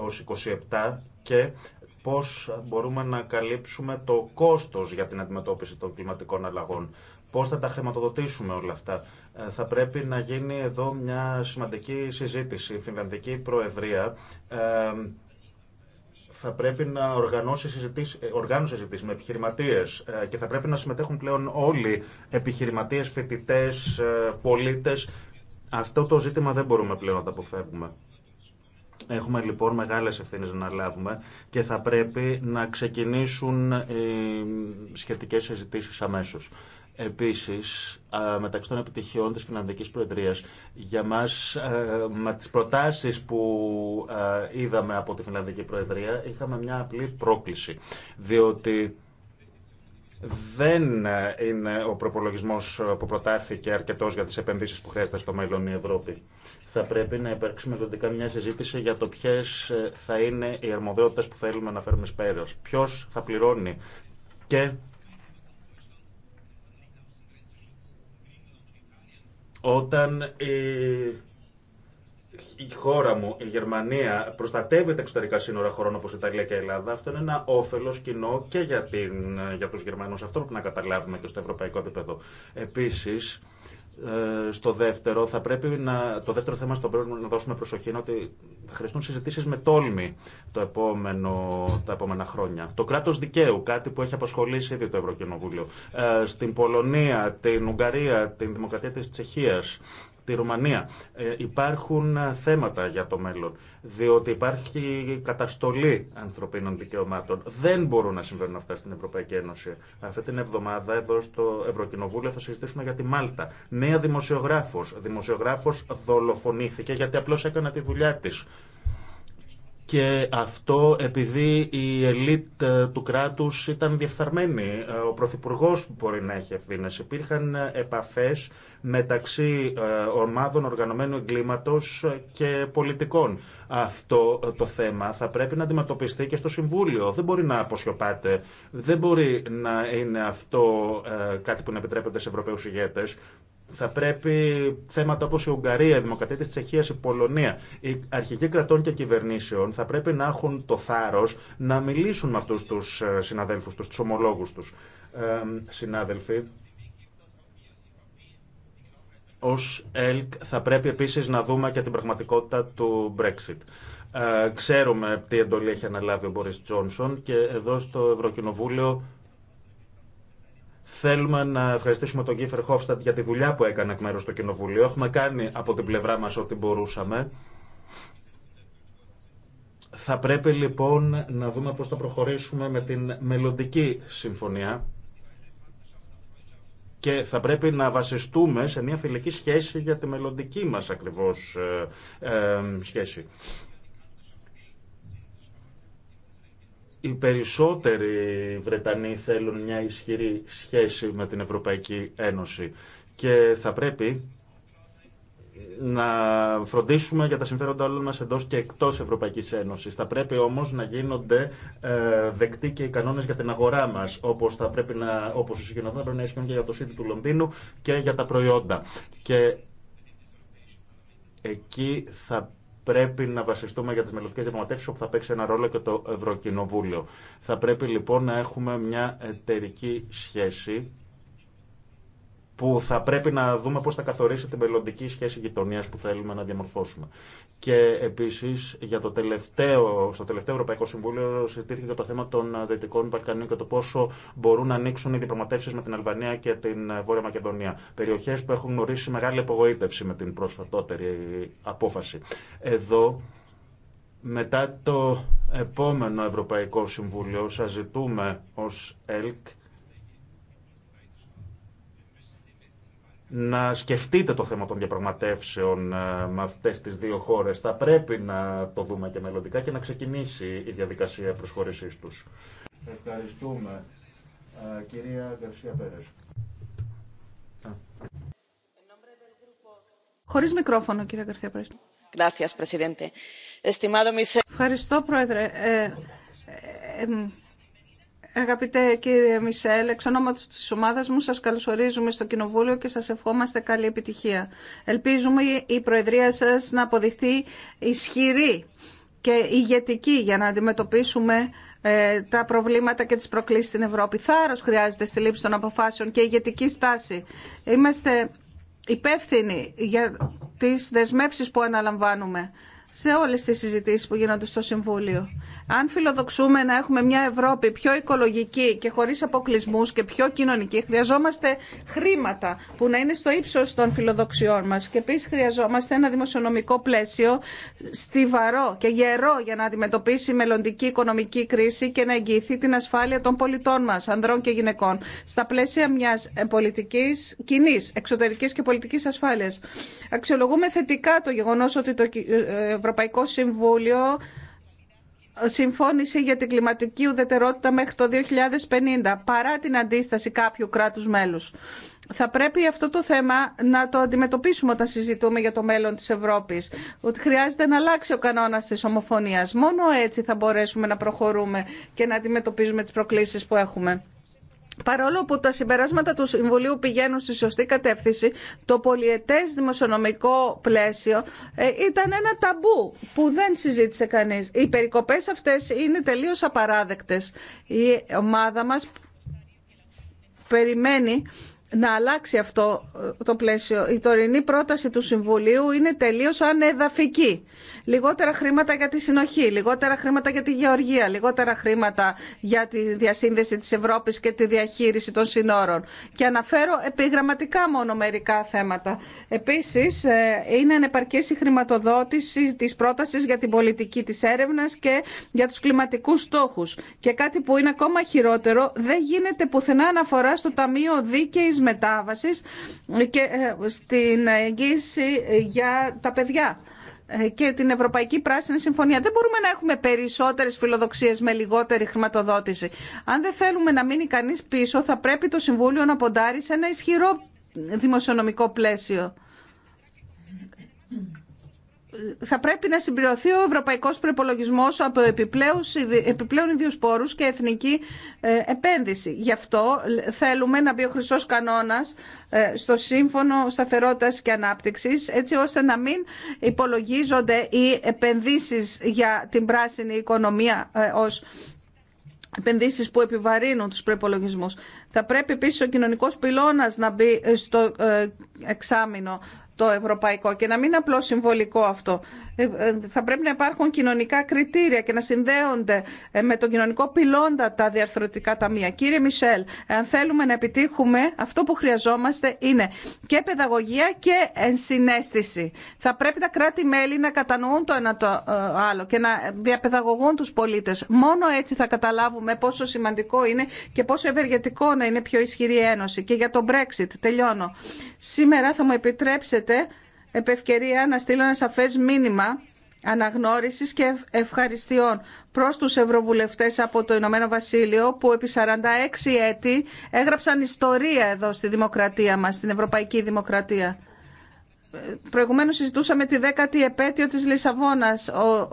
ως 27 και πώς μπορούμε να καλύψουμε το κόστος για την αντιμετώπιση των κλιματικών αλλαγών. Πώς θα τα χρηματοδοτήσουμε όλα αυτά. Ε, θα πρέπει να γίνει εδώ μια σημαντική συζήτηση. Η Φινλανδική Προεδρία ε, θα πρέπει να οργανώσει συζητήσει, ε, οργάνωσε συζητήσει με επιχειρηματίε ε, και θα πρέπει να συμμετέχουν πλέον όλοι επιχειρηματίε, φοιτητέ, ε, πολίτε. Αυτό το ζήτημα δεν μπορούμε πλέον να το αποφεύγουμε. Έχουμε λοιπόν μεγάλες ευθύνες να λάβουμε και θα πρέπει να ξεκινήσουν οι σχετικές συζητήσεις αμέσως. Επίση, μεταξύ των επιτυχιών τη Φιλανδικής Προεδρίας, για μας, με τις προτάσεις που είδαμε από τη Φιλανδική Προεδρία, είχαμε μια απλή πρόκληση. Διότι δεν είναι ο προπολογισμό που προτάθηκε αρκετό για τι επενδύσει που χρειάζεται στο μέλλον η Ευρώπη. Θα πρέπει να υπάρξει μελλοντικά μια συζήτηση για το ποιε θα είναι οι αρμοδιότητε που θέλουμε να φέρουμε πέρα. Ποιο θα πληρώνει και Όταν ε, η χώρα μου, η Γερμανία, προστατεύει τα εξωτερικά σύνορα χωρών η Ιταλία και η Ελλάδα, αυτό είναι ένα όφελος κοινό και για, την, ε, για τους Γερμανούς Αυτό πρέπει να καταλάβουμε και στο ευρωπαϊκό επίπεδο. Επίσης ε, στο δεύτερο, θα πρέπει να, το δεύτερο θέμα στο οποίο να δώσουμε προσοχή είναι ότι θα χρειαστούν συζητήσεις με τόλμη το επόμενο, τα επόμενα χρόνια. Το κράτος δικαίου, κάτι που έχει απασχολήσει ήδη το Ευρωκοινοβούλιο. Ε, στην Πολωνία, την Ουγγαρία, την Δημοκρατία της Τσεχίας, τη Ρουμανία. Ε, υπάρχουν ε, θέματα για το μέλλον, διότι υπάρχει καταστολή ανθρωπίνων δικαιωμάτων. Δεν μπορούν να συμβαίνουν αυτά στην Ευρωπαϊκή Ένωση. Αυτή την εβδομάδα εδώ στο Ευρωκοινοβούλιο θα συζητήσουμε για τη Μάλτα. Νέα δημοσιογράφος. Δημοσιογράφος δολοφονήθηκε γιατί απλώς έκανα τη δουλειά της και αυτό επειδή η ελίτ ε, του κράτους ήταν διεφθαρμένη. Ε, ο Πρωθυπουργό μπορεί να έχει ευθύνε. Υπήρχαν ε, επαφές μεταξύ ομάδων οργανωμένου εγκλήματος και πολιτικών. Αυτό το θέμα θα πρέπει να αντιμετωπιστεί και στο Συμβούλιο. Δεν μπορεί να αποσιωπάται. Δεν μπορεί να είναι αυτό κάτι που να επιτρέπεται σε Ευρωπαίους ηγέτες. Θα πρέπει θέματα όπω η Ουγγαρία, η Δημοκρατία τη Τσεχία, η Πολωνία, οι αρχηγοί κρατών και κυβερνήσεων θα πρέπει να έχουν το θάρρο να μιλήσουν με αυτού του συναδέλφου του, του ομολόγου του. Ε, συνάδελφοι, ω ΕΛΚ θα πρέπει επίση να δούμε και την πραγματικότητα του Brexit. Ε, ξέρουμε τι εντολή έχει αναλάβει ο Μπόρι Τζόνσον και εδώ στο Ευρωκοινοβούλιο Θέλουμε να ευχαριστήσουμε τον Κίφερ Χόφστατ για τη δουλειά που έκανε εκ μέρου του Κοινοβουλίου. Έχουμε κάνει από την πλευρά μα ό,τι μπορούσαμε. Θα πρέπει λοιπόν να δούμε πώς θα προχωρήσουμε με την μελλοντική συμφωνία και θα πρέπει να βασιστούμε σε μια φιλική σχέση για τη μελλοντική μας ακριβώς ε, ε, σχέση. οι περισσότεροι Βρετανοί θέλουν μια ισχυρή σχέση με την Ευρωπαϊκή Ένωση και θα πρέπει να φροντίσουμε για τα συμφέροντα όλων μας εντός και εκτός Ευρωπαϊκής Ένωσης. Θα πρέπει όμως να γίνονται ε, δεκτοί και οι κανόνες για την αγορά μας, όπως, θα πρέπει να, όπως πρέπει να ισχύουν και για το σύντη του Λονδίνου και για τα προϊόντα. Και εκεί θα πρέπει να βασιστούμε για τι μελλοντικέ διαπραγματεύσει όπου θα παίξει ένα ρόλο και το Ευρωκοινοβούλιο. Θα πρέπει λοιπόν να έχουμε μια εταιρική σχέση που θα πρέπει να δούμε πώς θα καθορίσει την μελλοντική σχέση γειτονίας που θέλουμε να διαμορφώσουμε. Και επίσης για το τελευταίο, στο τελευταίο Ευρωπαϊκό Συμβούλιο συζητήθηκε το θέμα των Δυτικών Βαλκανίων και το πόσο μπορούν να ανοίξουν οι διαπραγματεύσει με την Αλβανία και την Βόρεια Μακεδονία. Περιοχές που έχουν γνωρίσει μεγάλη απογοήτευση με την πρόσφατότερη απόφαση. Εδώ μετά το επόμενο Ευρωπαϊκό Συμβούλιο σας ζητούμε ως ΕΛΚ να σκεφτείτε το θέμα των διαπραγματεύσεων ε, με αυτέ τι δύο χώρε. Θα πρέπει να το δούμε και μελλοντικά και να ξεκινήσει η διαδικασία προσχώρησής του. Ευχαριστούμε. Ε, κυρία Γκαρσία Πέρε. Χωρίς μικρόφωνο, κυρία Γκαρσία Πέρε. Ευχαριστώ, Πρόεδρε. Ε, Αγαπητέ κύριε Μισελ, εξ ονόματο της ομάδας μου σας καλωσορίζουμε στο Κοινοβούλιο και σας ευχόμαστε καλή επιτυχία. Ελπίζουμε η Προεδρία σας να αποδειχθεί ισχυρή και ηγετική για να αντιμετωπίσουμε ε, τα προβλήματα και τις προκλήσει στην Ευρώπη. Θάρρο χρειάζεται στη λήψη των αποφάσεων και ηγετική στάση. Είμαστε υπεύθυνοι για τι δεσμεύσει που αναλαμβάνουμε σε όλε τι συζητήσει που γίνονται στο Συμβούλιο. Αν φιλοδοξούμε να έχουμε μια Ευρώπη πιο οικολογική και χωρί αποκλεισμού και πιο κοινωνική, χρειαζόμαστε χρήματα που να είναι στο ύψο των φιλοδοξιών μα Και επίση χρειαζόμαστε ένα δημοσιονομικό πλαίσιο στιβαρό και γερό για να αντιμετωπίσει η μελλοντική οικονομική κρίση και να εγγυηθεί την ασφάλεια των πολιτών μα, ανδρών και γυναικών, στα πλαίσια μια πολιτική κοινή, εξωτερική και πολιτική ασφάλεια. Αξιολογούμε θετικά το γεγονό ότι το ε, Ευρωπαϊκό Συμβούλιο συμφώνησε για την κλιματική ουδετερότητα μέχρι το 2050, παρά την αντίσταση κάποιου κράτους μέλους. Θα πρέπει αυτό το θέμα να το αντιμετωπίσουμε όταν συζητούμε για το μέλλον της Ευρώπης. Ότι χρειάζεται να αλλάξει ο κανόνας της ομοφωνίας. Μόνο έτσι θα μπορέσουμε να προχωρούμε και να αντιμετωπίζουμε τις προκλήσεις που έχουμε. Παρόλο που τα συμπεράσματα του Συμβουλίου πηγαίνουν στη σωστή κατεύθυνση, το πολιετές δημοσιονομικό πλαίσιο ε, ήταν ένα ταμπού που δεν συζήτησε κανείς. Οι περικοπές αυτές είναι τελείως απαράδεκτες. Η ομάδα μας περιμένει να αλλάξει αυτό ε, το πλαίσιο. Η τωρινή πρόταση του Συμβουλίου είναι τελείως ανεδαφική. Λιγότερα χρήματα για τη συνοχή, λιγότερα χρήματα για τη γεωργία, λιγότερα χρήματα για τη διασύνδεση της Ευρώπης και τη διαχείριση των συνόρων. Και αναφέρω επιγραμματικά μόνο μερικά θέματα. Επίσης, ε, είναι ανεπαρκής η χρηματοδότηση της πρότασης για την πολιτική της έρευνας και για τους κλιματικούς στόχους. Και κάτι που είναι ακόμα χειρότερο, δεν γίνεται πουθενά αναφορά στο Ταμείο Δίκαιης μετάβασης και ε, στην εγγύηση για τα παιδιά ε, και την Ευρωπαϊκή Πράσινη Συμφωνία. Δεν μπορούμε να έχουμε περισσότερες φιλοδοξίες με λιγότερη χρηματοδότηση. Αν δεν θέλουμε να μείνει κανείς πίσω, θα πρέπει το Συμβούλιο να ποντάρει σε ένα ισχυρό δημοσιονομικό πλαίσιο θα πρέπει να συμπληρωθεί ο ευρωπαϊκός Προπολογισμό από επιπλέον ιδίου πόρου και εθνική ε, επένδυση. Γι' αυτό θέλουμε να μπει ο Χρυσό κανόνας ε, στο Σύμφωνο σταθερότητα και ανάπτυξη, έτσι ώστε να μην υπολογίζονται οι επενδύσεις για την πράσινη οικονομία ε, ως επενδύσεις που επιβαρύνουν τους προπολογισμού. Θα πρέπει επίσης ο κοινωνικός πυλώνας να μπει στο εξάμεινο το ευρωπαϊκό και να μην είναι απλώς συμβολικό αυτό. Ε, ε, θα πρέπει να υπάρχουν κοινωνικά κριτήρια και να συνδέονται ε, με τον κοινωνικό πυλώντα τα διαρθρωτικά ταμεία. Κύριε Μισελ, αν θέλουμε να επιτύχουμε, αυτό που χρειαζόμαστε είναι και παιδαγωγία και ενσυναίσθηση. Θα πρέπει τα κράτη-μέλη να κατανοούν το ένα το άλλο και να διαπαιδαγωγούν τους πολίτες. Μόνο έτσι θα καταλάβουμε πόσο σημαντικό είναι και πόσο ευεργετικό να είναι πιο ισχυρή Ένωση. Και για το Brexit, τελειώνω. Σήμερα θα μου επιτρέψετε επευκαιρία να στείλω ένα σαφές μήνυμα αναγνώρισης και ευχαριστειών προς τους ευρωβουλευτές από το Ηνωμένο Βασίλειο που επί 46 έτη έγραψαν ιστορία εδώ στη δημοκρατία μας, στην ευρωπαϊκή δημοκρατία. Προηγουμένως συζητούσαμε τη δέκατη επέτειο της Λισαβόνας. Ο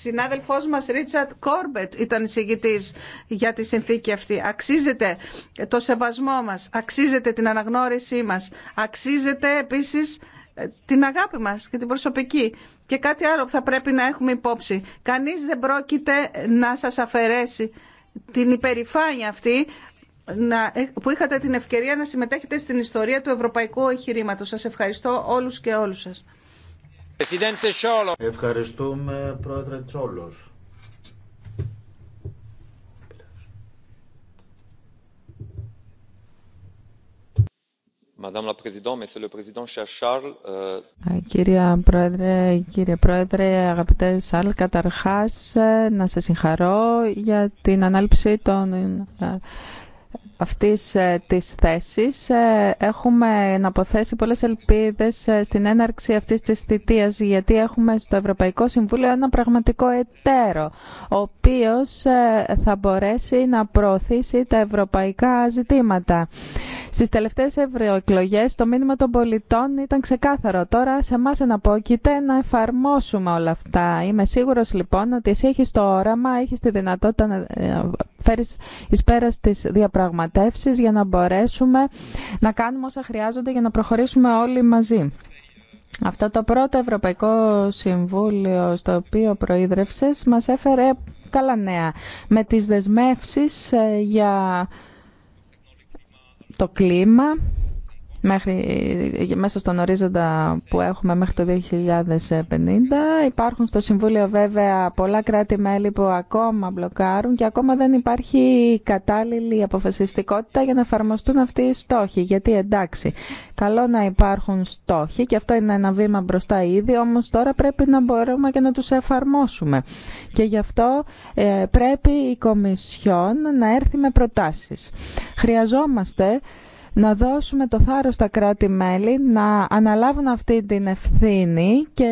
συνάδελφός μας Ρίτσαρτ Κόρμπετ ήταν εισηγητής για τη συνθήκη αυτή. Αξίζεται το σεβασμό μας, αξίζεται την αναγνώρισή μας, αξίζεται επίσης την αγάπη μας και την προσωπική. Και κάτι άλλο που θα πρέπει να έχουμε υπόψη. Κανείς δεν πρόκειται να σας αφαιρέσει την υπερηφάνεια αυτή ε, που είχατε την ευκαιρία να συμμετέχετε στην ιστορία του ευρωπαϊκού εγχειρήματο. Σας ευχαριστώ όλους και όλους σας. Ευχαριστούμε πρόεδρε Τσόλος. Euh, κύριε Πρόεδρε, κύριε Πρόεδρε, αγαπητέ Σαλ, καταρχά, ε, να σα συγχαρώ για την ανάληψη των ε, αυτής ε, της θέσης ε, έχουμε να αποθέσει πολλές ελπίδες ε, στην έναρξη αυτής της θητείας γιατί έχουμε στο Ευρωπαϊκό Συμβούλιο ένα πραγματικό εταίρο ο οποίος θα μπορέσει να προωθήσει τα ευρωπαϊκά ζητήματα. Στις τελευταίες ευρωεκλογέ το μήνυμα των πολιτών ήταν ξεκάθαρο. Τώρα σε εμά αναπόκειται να εφαρμόσουμε όλα αυτά. Είμαι σίγουρος λοιπόν ότι εσύ έχεις το όραμα, έχεις τη δυνατότητα να φέρεις εις πέρας τις διαπραγματεύσεις διαπραγματεύσεις για να μπορέσουμε να κάνουμε όσα χρειάζονται για να προχωρήσουμε όλοι μαζί. Αυτό το πρώτο Ευρωπαϊκό Συμβούλιο στο οποίο προείδρευσες μας έφερε καλά νέα με τις δεσμεύσεις ε, για το κλίμα μέχρι, μέσα στον ορίζοντα που έχουμε μέχρι το 2050. Υπάρχουν στο Συμβούλιο βέβαια πολλά κράτη-μέλη που ακόμα μπλοκάρουν και ακόμα δεν υπάρχει κατάλληλη αποφασιστικότητα για να εφαρμοστούν αυτοί οι στόχοι. Γιατί εντάξει, καλό να υπάρχουν στόχοι και αυτό είναι ένα βήμα μπροστά ήδη, όμως τώρα πρέπει να μπορούμε και να τους εφαρμόσουμε. Και γι' αυτό ε, πρέπει η Κομισιόν να έρθει με προτάσεις. Χρειαζόμαστε να δώσουμε το θάρρος στα κράτη-μέλη να αναλάβουν αυτή την ευθύνη και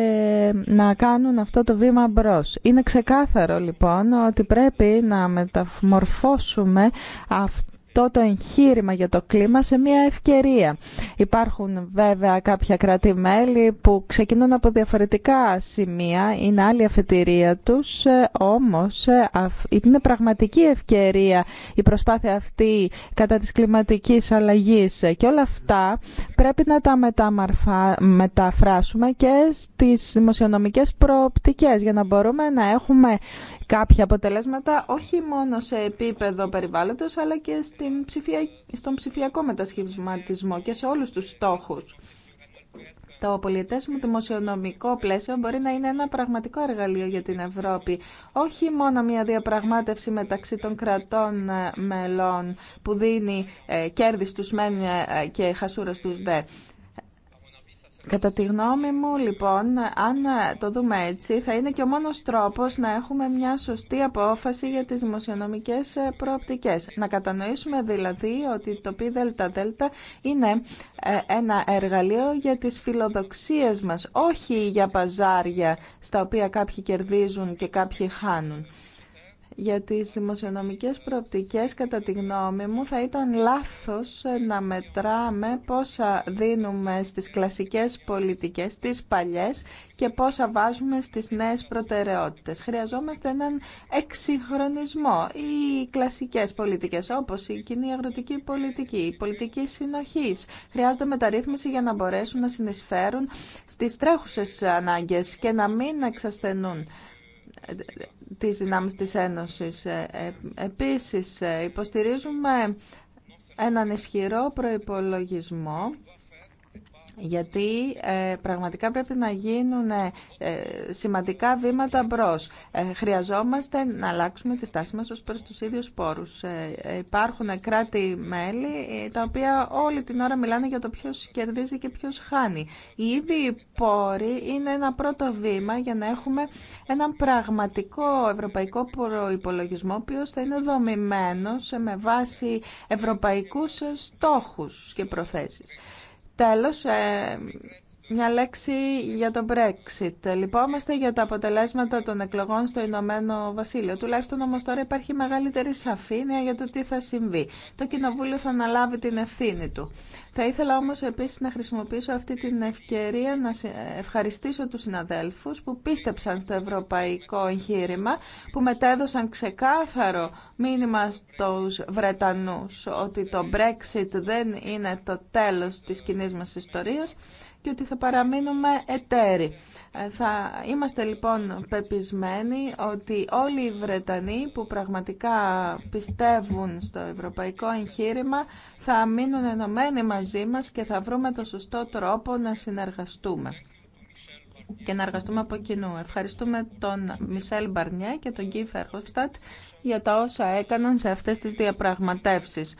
να κάνουν αυτό το βήμα μπρος. Είναι ξεκάθαρο λοιπόν ότι πρέπει να μεταμορφώσουμε αυτό αυτό το εγχείρημα για το κλίμα σε μια ευκαιρία. Υπάρχουν βέβαια κάποια κράτη-μέλη που ξεκινούν από διαφορετικά σημεία, είναι άλλη αφετηρία τους, όμως ε, είναι πραγματική ευκαιρία η προσπάθεια αυτή κατά της κλιματικής αλλαγής και όλα αυτά πρέπει να τα μεταφράσουμε και στις δημοσιονομικές προοπτικές για να μπορούμε να έχουμε κάποια αποτελέσματα όχι μόνο σε επίπεδο περιβάλλοντος αλλά και στην ψηφια... στον ψηφιακό μετασχηματισμό και σε όλους τους στόχους. Το πολιτές μου δημοσιονομικό πλαίσιο μπορεί να είναι ένα πραγματικό εργαλείο για την Ευρώπη. Όχι μόνο μια διαπραγμάτευση μεταξύ των κρατών ε, μελών που δίνει ε, κέρδη στους μεν ε, και χασούρα στους δε. Κατά τη γνώμη μου, λοιπόν, αν το δούμε έτσι, θα είναι και ο μόνος τρόπος να έχουμε μια σωστή απόφαση για τις δημοσιονομικές ε, προοπτικές. Να κατανοήσουμε δηλαδή ότι το ΠΔΔ είναι ε, ένα εργαλείο για τις φιλοδοξίες μας, όχι για παζάρια στα οποία κάποιοι κερδίζουν και κάποιοι χάνουν για τις δημοσιονομικές προοπτικές κατά τη γνώμη μου θα ήταν λάθος να μετράμε πόσα δίνουμε στις κλασικές πολιτικές, τις παλιές και πόσα βάζουμε στις νέες προτεραιότητες. Χρειαζόμαστε έναν εξυγχρονισμό. Οι κλασικές πολιτικές όπως η κοινή αγροτική πολιτική, η πολιτική συνοχής χρειάζονται μεταρρύθμιση για να μπορέσουν να συνεισφέρουν στις τρέχουσες ανάγκες και να μην εξασθενούν τις δυνάμεις της Ένωσης. Ε, ε, επίσης, ε, υποστηρίζουμε έναν ισχυρό προϋπολογισμό γιατί ε, πραγματικά πρέπει να γίνουν ε, σημαντικά βήματα μπρος. Ε, χρειαζόμαστε να αλλάξουμε τη στάση μας ως προς τους ίδιους πόρους. Υπάρχουν κράτη-μέλη τα οποία όλη την ώρα μιλάνε για το ποιος κερδίζει και ποιος χάνει. Οι ίδιοι πόροι είναι ένα πρώτο βήμα για να έχουμε έναν πραγματικό ευρωπαϊκό προϋπολογισμό ο θα είναι δομημένος με βάση ευρωπαϊκούς στόχους και προθέσεις. Τέλος, ε, μια λέξη για το Brexit. Λυπόμαστε για τα αποτελέσματα των εκλογών στο Ηνωμένο Βασίλειο. Τουλάχιστον όμως τώρα υπάρχει μεγαλύτερη σαφήνεια για το τι θα συμβεί. Το Κοινοβούλιο θα αναλάβει την ευθύνη του. Θα ήθελα όμως επίσης να χρησιμοποιήσω αυτή την ευκαιρία να ευχαριστήσω τους συναδέλφους που πίστεψαν στο ευρωπαϊκό εγχείρημα, που μετέδωσαν ξεκάθαρο μήνυμα στους Βρετανούς ότι το Brexit δεν είναι το τέλος της κοινή μα ιστορίας και ότι θα παραμείνουμε εταίροι. Ε, θα είμαστε λοιπόν πεπισμένοι ότι όλοι οι Βρετανοί που πραγματικά πιστεύουν στο ευρωπαϊκό εγχείρημα θα μείνουν ενωμένοι μαζί μας και θα βρούμε το σωστό τρόπο να συνεργαστούμε και να εργαστούμε από κοινού. Ευχαριστούμε τον Μισελ Μπαρνιέ και τον Γκίφερ Φερχοφστατ για τα όσα έκαναν σε αυτές τις διαπραγματεύσεις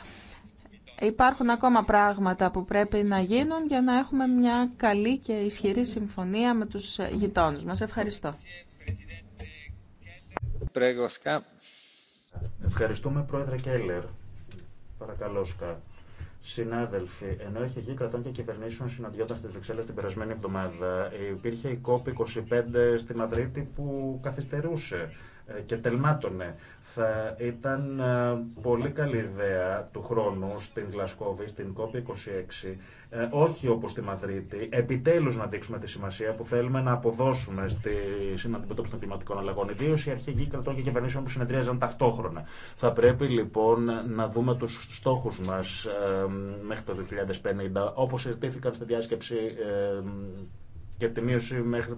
υπάρχουν ακόμα πράγματα που πρέπει να γίνουν για να έχουμε μια καλή και ισχυρή συμφωνία με τους γειτόνους μας. Ευχαριστώ. Ευχαριστούμε Πρόεδρε Κέλλερ. Παρακαλώ Σκα. Συνάδελφοι, ενώ η Αρχηγή Κρατών και Κυβερνήσεων συναντιόταν στη Βρυξέλλε την περασμένη εβδομάδα, υπήρχε η COP25 στη Μαδρίτη που καθυστερούσε ε, και τελμάτωνε. Θα ήταν ε, πολύ καλή ιδέα του χρόνου στην Γλασκόβη, στην COP26, ε, όχι όπως στη Μαδρίτη, επιτέλους να δείξουμε τη σημασία που θέλουμε να αποδώσουμε στη συναντιμετώπιση των κλιματικών αλλαγών, ιδίως οι αρχηγοί κρατών και κυβερνήσεων που συνεδρίαζαν ταυτόχρονα. Θα πρέπει λοιπόν να δούμε τους στόχους μας μέχρι το 2050, όπως συζητήθηκαν στη διάσκεψη και τη μείωση μέχρι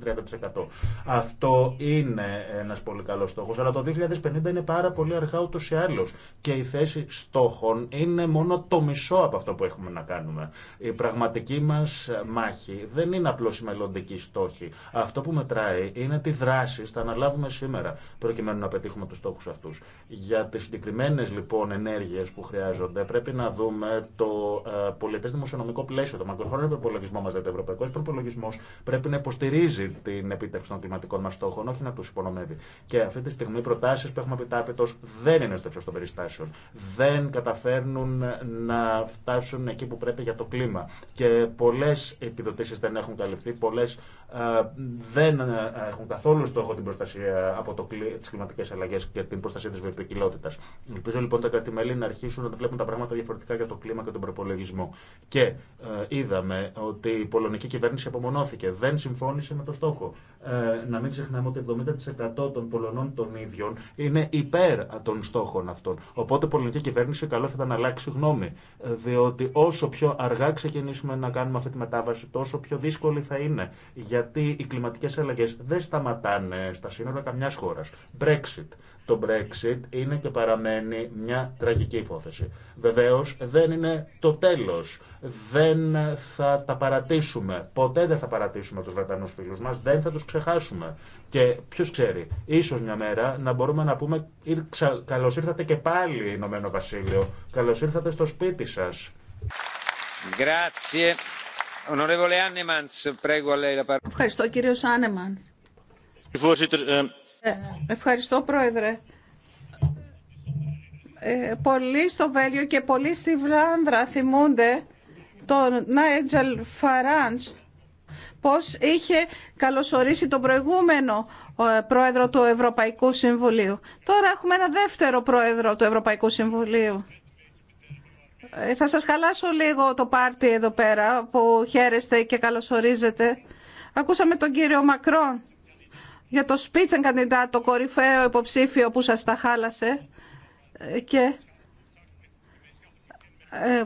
30%. Αυτό είναι ένα πολύ καλό στόχο, αλλά το 2050 είναι πάρα πολύ αργά ούτω ή άλλω. Και η θέση στόχων είναι μόνο το μισό από αυτό που έχουμε να κάνουμε. Η πραγματική μα μάχη δεν είναι απλώ η μελλοντική στόχη. Αυτό που μετράει είναι τι δράσει θα αναλάβουμε σήμερα, προκειμένου να πετύχουμε του στόχου αυτού. Για τι συγκεκριμένε λοιπόν ενέργειε που χρειάζονται, πρέπει να δούμε το ε, πολιτέ δημοσιονομικό πλαίσιο, το μακροχρόνιο προπολογισμό μα, δηλαδή το ευρωπαϊκό προπολογισμό Πρέπει να υποστηρίζει την επίτευξη των κλιματικών μα στόχων, όχι να του υπονομεύει. Και αυτή τη στιγμή οι προτάσει που έχουμε επιτάπητο δεν είναι στο ύψο των περιστάσεων. Δεν καταφέρνουν να φτάσουν εκεί που πρέπει για το κλίμα. Και πολλέ επιδοτήσει δεν έχουν καλυφθεί, πολλέ δεν έχουν καθόλου στόχο την προστασία από το, κλιματικέ κλιματικές αλλαγές και την προστασία τη βιοποικιλότητα. Ελπίζω λοιπόν τα κρατημέλη να αρχίσουν να βλέπουν τα πράγματα διαφορετικά για το κλίμα και τον προπολογισμό. Και ε, είδαμε ότι η πολωνική κυβέρνηση απομονώθηκε δεν συμφώνησε με το στόχο. Ε, να μην ξεχνάμε ότι 70% των Πολωνών των ίδιων είναι υπέρ των στόχων αυτών. Οπότε η πολιτική κυβέρνηση καλό θα ήταν να αλλάξει γνώμη. Διότι όσο πιο αργά ξεκινήσουμε να κάνουμε αυτή τη μετάβαση, τόσο πιο δύσκολη θα είναι. Γιατί οι κλιματικέ αλλαγέ δεν σταματάνε στα σύνορα καμιά χώρα. Brexit. Το Brexit είναι και παραμένει μια τραγική υπόθεση. Βεβαίως, δεν είναι το τέλος. Δεν θα τα παρατήσουμε. Ποτέ δεν θα παρατήσουμε τους Βρετανούς φίλους μας. Δεν θα τους ξεχάσουμε. Και ποιο ξέρει, ίσως μια μέρα να μπορούμε να πούμε «Καλώς ήρθατε και πάλι, Ηνωμένο Βασίλειο. Καλώς ήρθατε στο σπίτι σα. Ευχαριστώ κύριο Άνεμαντς. Ε, ευχαριστώ Πρόεδρε. Ε, πολλοί στο Βέλγιο και πολλοί στη Βλάνδρα θυμούνται τον Νάιτζελ Φαράντς πώς είχε καλωσορίσει τον προηγούμενο ε, πρόεδρο του Ευρωπαϊκού Συμβουλίου. Τώρα έχουμε ένα δεύτερο πρόεδρο του Ευρωπαϊκού Συμβουλίου. Ε, θα σας χαλάσω λίγο το πάρτι εδώ πέρα που χαίρεστε και καλωσορίζετε. Ακούσαμε τον κύριο Μακρόν για το Σπίτσεν Καντιντά, το κορυφαίο υποψήφιο που σας τα χάλασε ε, και ε,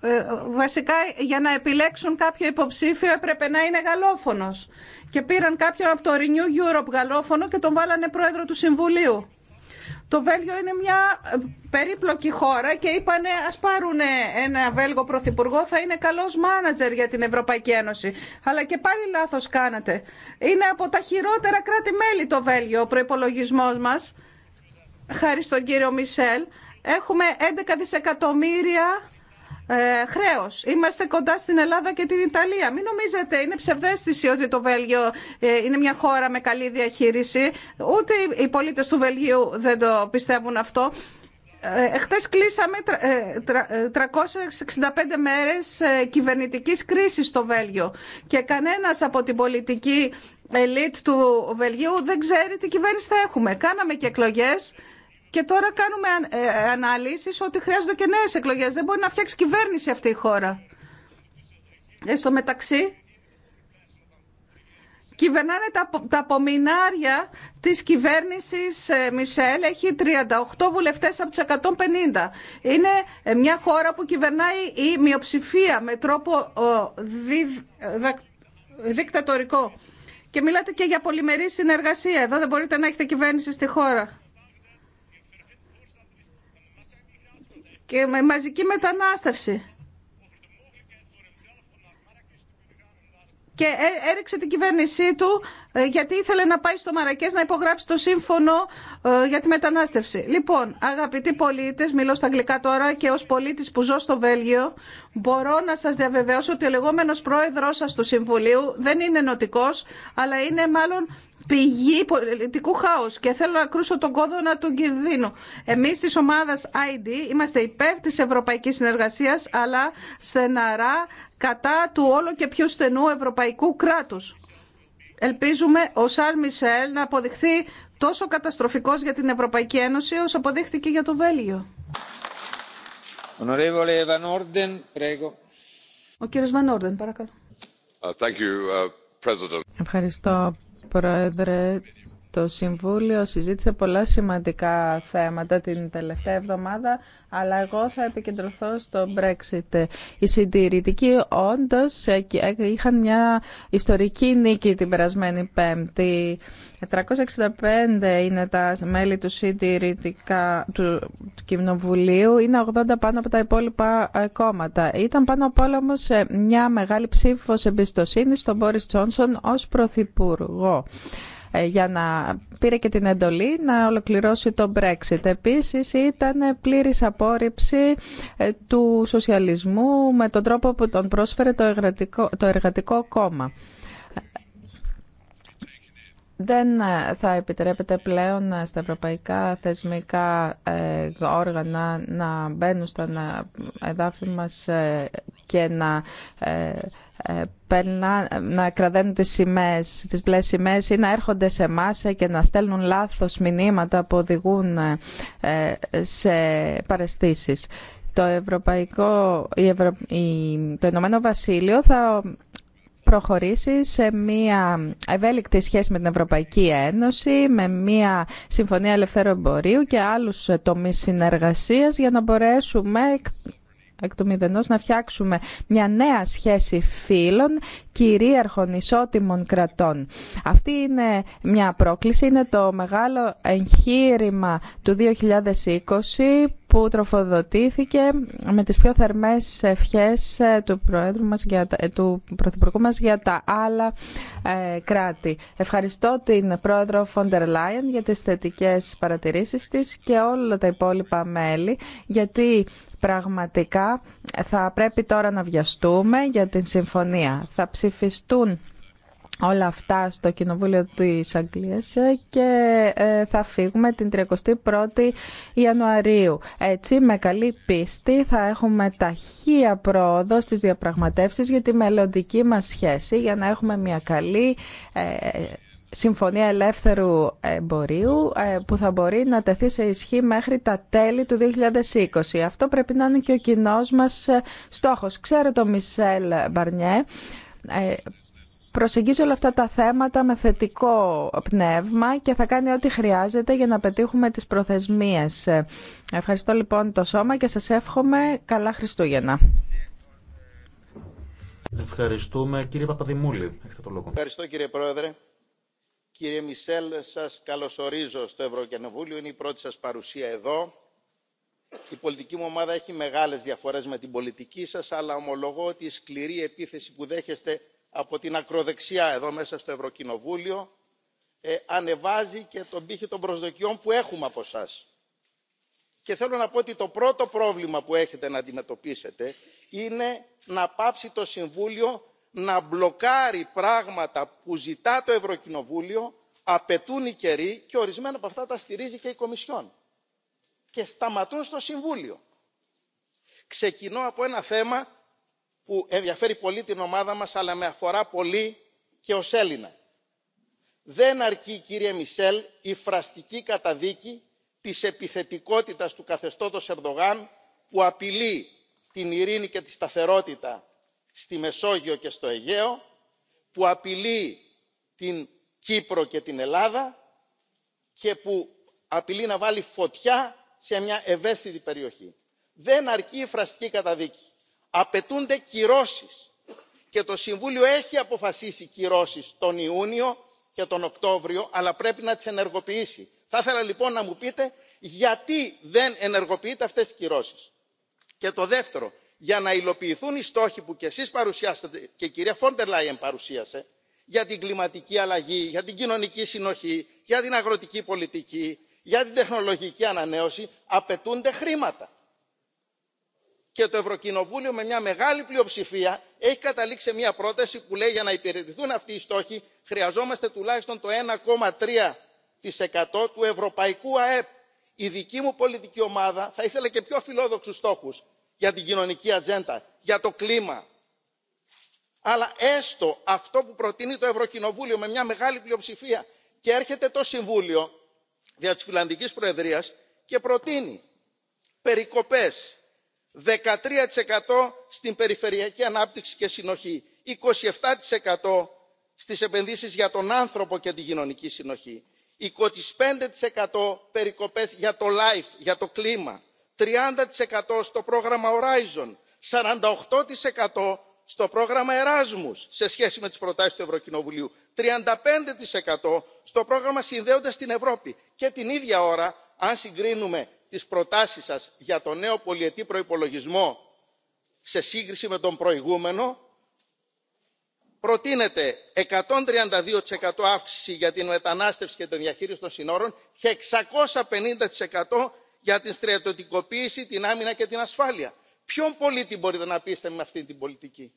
ε, βασικά για να επιλέξουν κάποιο υποψήφιο έπρεπε να είναι γαλλόφωνος και πήραν κάποιον από το Renew Europe γαλλόφωνο και τον βάλανε πρόεδρο του Συμβουλίου. Το Βέλγιο είναι μια ε, περίπλοκη χώρα και είπανε ας πάρουν ένα Βέλγο πρωθυπουργό θα είναι καλός μάνατζερ για την Ευρωπαϊκή Ένωση. Αλλά και πάλι λάθος κάνατε. Είναι από τα χειρότερα κράτη-μέλη το Βέλγιο ο προπολογισμό μας. Χάρη στον κύριο Μισελ. Έχουμε 11 δισεκατομμύρια ε, Είμαστε κοντά στην Ελλάδα και την Ιταλία. Μην νομίζετε, είναι ψευδέστηση ότι το Βέλγιο ε, είναι μια χώρα με καλή διαχείριση. Ούτε οι πολίτες του Βελγίου δεν το πιστεύουν αυτό. Ε, Χτες κλείσαμε 365 ε, μέρες κυβερνητικής κρίσης στο Βέλγιο και κανένας από την πολιτική ελίτ του Βελγίου δεν ξέρει τι κυβέρνηση θα έχουμε. Κάναμε και εκλογές και τώρα κάνουμε ανάλυση ε, ε, ότι χρειάζονται και νέες εκλογές. Δεν μπορεί να φτιάξει κυβέρνηση αυτή η χώρα. Ε, στο μεταξύ, κυβερνάνε τα, τα απομεινάρια της κυβέρνησης ε, Μισελ. Έχει 38 βουλευτές από τους 150. Είναι μια χώρα που κυβερνάει η μειοψηφία με τρόπο δικτατορικό. Και μιλάτε και για πολυμερή συνεργασία. Εδώ δεν μπορείτε να έχετε κυβέρνηση στη χώρα. και με μαζική μετανάστευση. Και ε, έριξε την κυβέρνησή του ε, γιατί ήθελε να πάει στο Μαρακές να υπογράψει το σύμφωνο ε, για τη μετανάστευση. Λοιπόν, αγαπητοί πολίτες, μιλώ στα αγγλικά τώρα και ως πολίτης που ζω στο Βέλγιο, μπορώ να σας διαβεβαιώσω ότι ο λεγόμενος πρόεδρος σας του Συμβουλίου δεν είναι νοτικός, αλλά είναι μάλλον πηγή πολιτικού χάου και θέλω να κρούσω τον κόδωνα του κινδύνου. Εμεί τη ομάδα ID είμαστε υπέρ της ευρωπαϊκής συνεργασίας αλλά στεναρά κατά του όλο και πιο στενού ευρωπαϊκού κράτου. Ελπίζουμε ο Σαρ Μισελ να αποδειχθεί τόσο καταστροφικό για την Ευρωπαϊκή Ένωση όσο αποδείχθηκε για το Βέλγιο. Ο κύριος παρακαλώ. Uh, uh, Ευχαριστώ, Πρόεδρε, το Συμβούλιο συζήτησε πολλά σημαντικά θέματα την τελευταία εβδομάδα, αλλά εγώ θα επικεντρωθώ στο Brexit. Οι συντηρητικοί όντως ε, ε, είχαν μια ιστορική νίκη την περασμένη Πέμπτη. 365 είναι τα μέλη του συντηρητικά του Κοινοβουλίου, είναι 80 πάνω από τα υπόλοιπα ε, κόμματα. Ήταν πάνω από όλα όμως μια μεγάλη ψήφος εμπιστοσύνη στον Μπόρις Τζόνσον ως Πρωθυπουργό. Ε, για να πήρε και την εντολή να ολοκληρώσει το Brexit. Επίσης ήταν πλήρης απόρριψη ε, του σοσιαλισμού με τον τρόπο που τον πρόσφερε το εργατικό, το εργατικό κόμμα. Δεν ε, θα επιτρέπεται πλέον στα ευρωπαϊκά θεσμικά όργανα να μπαίνουν στα εδάφη μας και να ε, περνά, ε, να κραδένουν τις σημαίες, τις μπλε σημαίες ή να έρχονται σε μας ε, και να στέλνουν λάθος μηνύματα που οδηγούν σε παρεστήσεις. Το, Ευρωπαϊκό, η Ευρω... το Βασίλειο θα προχωρήσει σε μια ευέλικτη σχέση με την Ευρωπαϊκή Ένωση, με μια συμφωνία ελευθέρου εμπορίου και άλλους τομείς συνεργασίας για να μπορέσουμε εκ να φτιάξουμε μια νέα σχέση φίλων κυρίαρχων ισότιμων κρατών. Αυτή είναι μια πρόκληση, είναι το μεγάλο εγχείρημα του 2020 που τροφοδοτήθηκε με τις πιο θερμές ευχές ε, του, Προέδρου μας για, ε, του Πρωθυπουργού μας για τα άλλα ε, κράτη. Ευχαριστώ την Πρόεδρο Φοντερ Λάιεν για τις θετικές παρατηρήσεις της και όλα τα υπόλοιπα μέλη γιατί πραγματικά θα πρέπει τώρα να βιαστούμε για την συμφωνία. Θα ψηφιστούν όλα αυτά στο Κοινοβούλιο της Αγγλίας και ε, θα φύγουμε την 31η Ιανουαρίου. Έτσι, με καλή πίστη θα έχουμε ταχεία πρόοδο στις διαπραγματεύσεις για τη μελλοντική μας σχέση για να έχουμε μια καλή ε, Συμφωνία Ελεύθερου Εμπορίου ε, που θα μπορεί να τεθεί σε ισχύ μέχρι τα τέλη του 2020. Αυτό πρέπει να είναι και ο κοινό μας στόχος. Ξέρω το Μισελ Μπαρνιέ προσεγγίζει όλα αυτά τα θέματα με θετικό πνεύμα και θα κάνει ό,τι χρειάζεται για να πετύχουμε τις προθεσμίες. Ευχαριστώ λοιπόν το Σώμα και σας εύχομαι καλά Χριστούγεννα. Ευχαριστούμε. Κύριε Παπαδημούλη, έχετε το λόγο. Ευχαριστώ κύριε Πρόεδρε. Κύριε Μισελ, σας καλωσορίζω στο Ευρωκοινοβούλιο. Είναι η πρώτη σας παρουσία εδώ. Η πολιτική μου ομάδα έχει μεγάλες διαφορές με την πολιτική σας, αλλά ομολογώ ότι η σκληρή επίθεση που δέχεστε από την ακροδεξιά εδώ μέσα στο ευρωκοινοβούλιο ε, ανεβάζει και τον πύχη των προσδοκιών που έχουμε από εσά. Και θέλω να πω ότι το πρώτο πρόβλημα που έχετε να αντιμετωπίσετε είναι να πάψει το Συμβούλιο να μπλοκάρει πράγματα που ζητά το Ευρωκοινοβούλιο, απαιτούν οι καιροί και ορισμένα από αυτά τα στηρίζει και η Κομισιόν. Και σταματούν στο Συμβούλιο. Ξεκινώ από ένα θέμα που ενδιαφέρει πολύ την ομάδα μας αλλά με αφορά πολύ και ως Έλληνα. Δεν αρκεί κύριε Μισελ η φραστική καταδίκη της επιθετικότητας του καθεστώτος Ερντογάν που απειλεί την ειρήνη και τη σταθερότητα στη Μεσόγειο και στο Αιγαίο, που απειλεί την Κύπρο και την Ελλάδα και που απειλεί να βάλει φωτιά σε μια ευαίσθητη περιοχή. Δεν αρκεί η φραστική καταδίκη απαιτούνται κυρώσεις και το συμβούλιο έχει αποφασίσει κυρώσεις τον ιούνιο και τον οκτώβριο αλλά πρέπει να τις ενεργοποιήσει. θα ήθελα λοιπόν να μου πείτε γιατί δεν ενεργοποιείτε αυτές τις κυρώσεις. και το δεύτερο για να υλοποιηθούν οι στόχοι που και εσείς παρουσιάσατε και η κυρία φόντερ λάιεν παρουσίασε για την κλιματική αλλαγή για την κοινωνική συνοχή για την αγροτική πολιτική για την τεχνολογική ανανέωση απαιτούνται χρήματα και το ευρωκοινοβούλιο με μια μεγάλη πλειοψηφία έχει καταλήξει σε μια πρόταση που λέει για να υπηρετηθούν αυτοί οι στόχοι χρειαζόμαστε τουλάχιστον το 1,3% του ευρωπαϊκού αεπ. η δική μου πολιτική ομάδα θα ήθελε και πιο φιλόδοξου στόχου για την κοινωνική ατζέντα για το κλίμα αλλά έστω αυτό που προτείνει το ευρωκοινοβούλιο με μια μεγάλη πλειοψηφία και έρχεται το συμβούλιο δια της φιλανδικής προεδρίας και προτείνει περικοπέ. 13% στην περιφερειακή ανάπτυξη και συνοχή, 27% στις επενδύσεις για τον άνθρωπο και την κοινωνική συνοχή, 25% περικοπές για το LIFE, για το κλίμα, 30% στο πρόγραμμα Horizon, 48% στο πρόγραμμα Erasmus σε σχέση με τις προτάσεις του Ευρωκοινοβουλίου, 35% στο πρόγραμμα Συνδέοντας την Ευρώπη. Και την ίδια ώρα, αν συγκρίνουμε τις προτάσεις σας για το νέο πολιετή προϋπολογισμό σε σύγκριση με τον προηγούμενο προτείνετε 132% αύξηση για την μετανάστευση και τη διαχείριση των συνόρων και 650% για την στρατιωτικοποίηση, την άμυνα και την ασφάλεια. Ποιον πολίτη μπορείτε να πείστε με αυτή την πολιτική.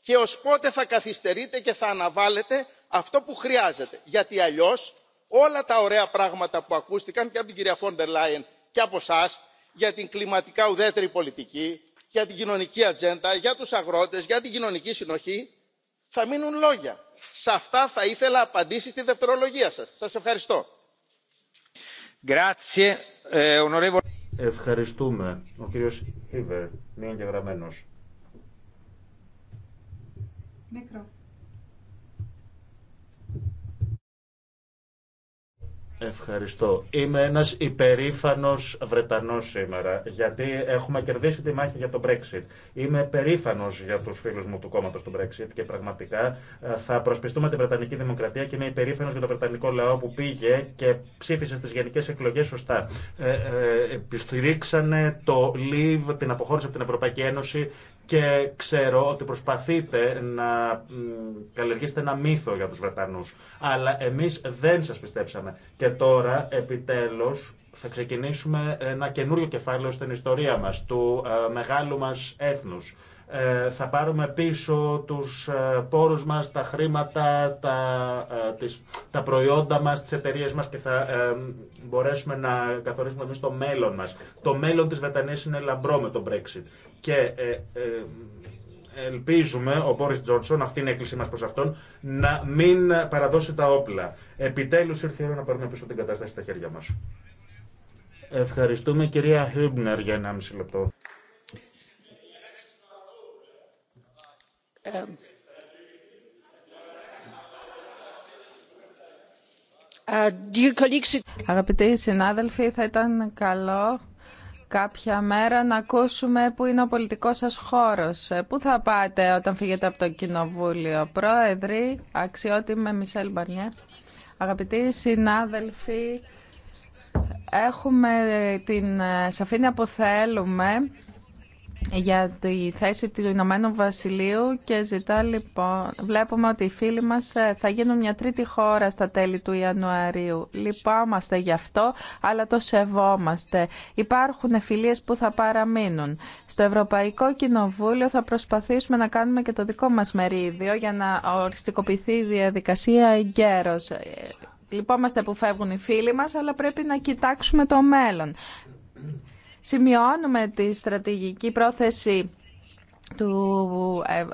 Και ως πότε θα καθυστερείτε και θα αναβάλλετε αυτό που χρειάζεται. Γιατί αλλιώς όλα τα ωραία πράγματα που ακούστηκαν και από την κυρία Φόντερ Λάιεν και από εσά για την κλιματικά ουδέτερη πολιτική για την κοινωνική ατζέντα για τους αγρότες για την κοινωνική συνοχή θα μείνουν λόγια. σε αυτά θα ήθελα απαντήσει στη δευτερολογία σας. σας ευχαριστώ. Ε, Ευχαριστούμε. Ο Ευχαριστώ. Είμαι ένας υπερήφανος Βρετανός σήμερα, γιατί έχουμε κερδίσει τη μάχη για το Brexit. Είμαι περήφανος για τους φίλους μου του κόμματος του Brexit και πραγματικά ε, θα προσπιστούμε τη Βρετανική Δημοκρατία και είμαι υπερήφανος για τον Βρετανικό λαό που πήγε και ψήφισε στις γενικές εκλογές σωστά. Ε, ε, επιστηρίξανε το Leave, την αποχώρηση από την Ευρωπαϊκή Ένωση και ξέρω ότι προσπαθείτε να καλλιεργήσετε ένα μύθο για τους Βρετανούς. Αλλά εμείς δεν σας πιστέψαμε. Και τώρα, επιτέλους, θα ξεκινήσουμε ένα καινούριο κεφάλαιο στην ιστορία μας, του ε, μεγάλου μας έθνους ε, θα πάρουμε πίσω τους ε, πόρους μας, τα χρήματα, τα, ε, τις, τα προϊόντα μας, τις εταιρείες μας και θα μπορέσουμε να καθορίσουμε εμείς το μέλλον μας. Το μέλλον της Βρετανίας είναι λαμπρό με τον Brexit. Και ε, ε, ελπίζουμε ο Μπόρις Τζόνσον, αυτή είναι η έκκλησή μας προς αυτόν, να μην παραδώσει τα όπλα. Επιτέλους ήρθε η ώρα να πάρουμε πίσω την κατάσταση στα χέρια μας. Ευχαριστούμε κυρία Χίμπνερ για 1,5 λεπτό. Um, uh, Αγαπητοί συνάδελφοι, θα ήταν καλό κάποια μέρα να ακούσουμε που είναι ο πολιτικός σας χώρος. Ε, πού θα πάτε όταν φύγετε από το Κοινοβούλιο. Πρόεδροι, αξιότιμε Μισελ Μπαρνιέ. Αγαπητοί συνάδελφοι, έχουμε την ε, σαφήνεια που θέλουμε για τη θέση του Ηνωμένου Βασιλείου και ζητά λοιπόν, βλέπουμε ότι οι φίλοι μας ε, θα γίνουν μια τρίτη χώρα στα τέλη του Ιανουαρίου. Λυπάμαστε γι' αυτό, αλλά το σεβόμαστε. Υπάρχουν φιλίες που θα παραμείνουν. Στο Ευρωπαϊκό Κοινοβούλιο θα προσπαθήσουμε να κάνουμε και το δικό μας μερίδιο για να οριστικοποιηθεί η διαδικασία εγκαίρως. Ε, λυπόμαστε που φεύγουν οι φίλοι μας, αλλά πρέπει να κοιτάξουμε το μέλλον. Σημειώνουμε τη στρατηγική πρόθεση του ε,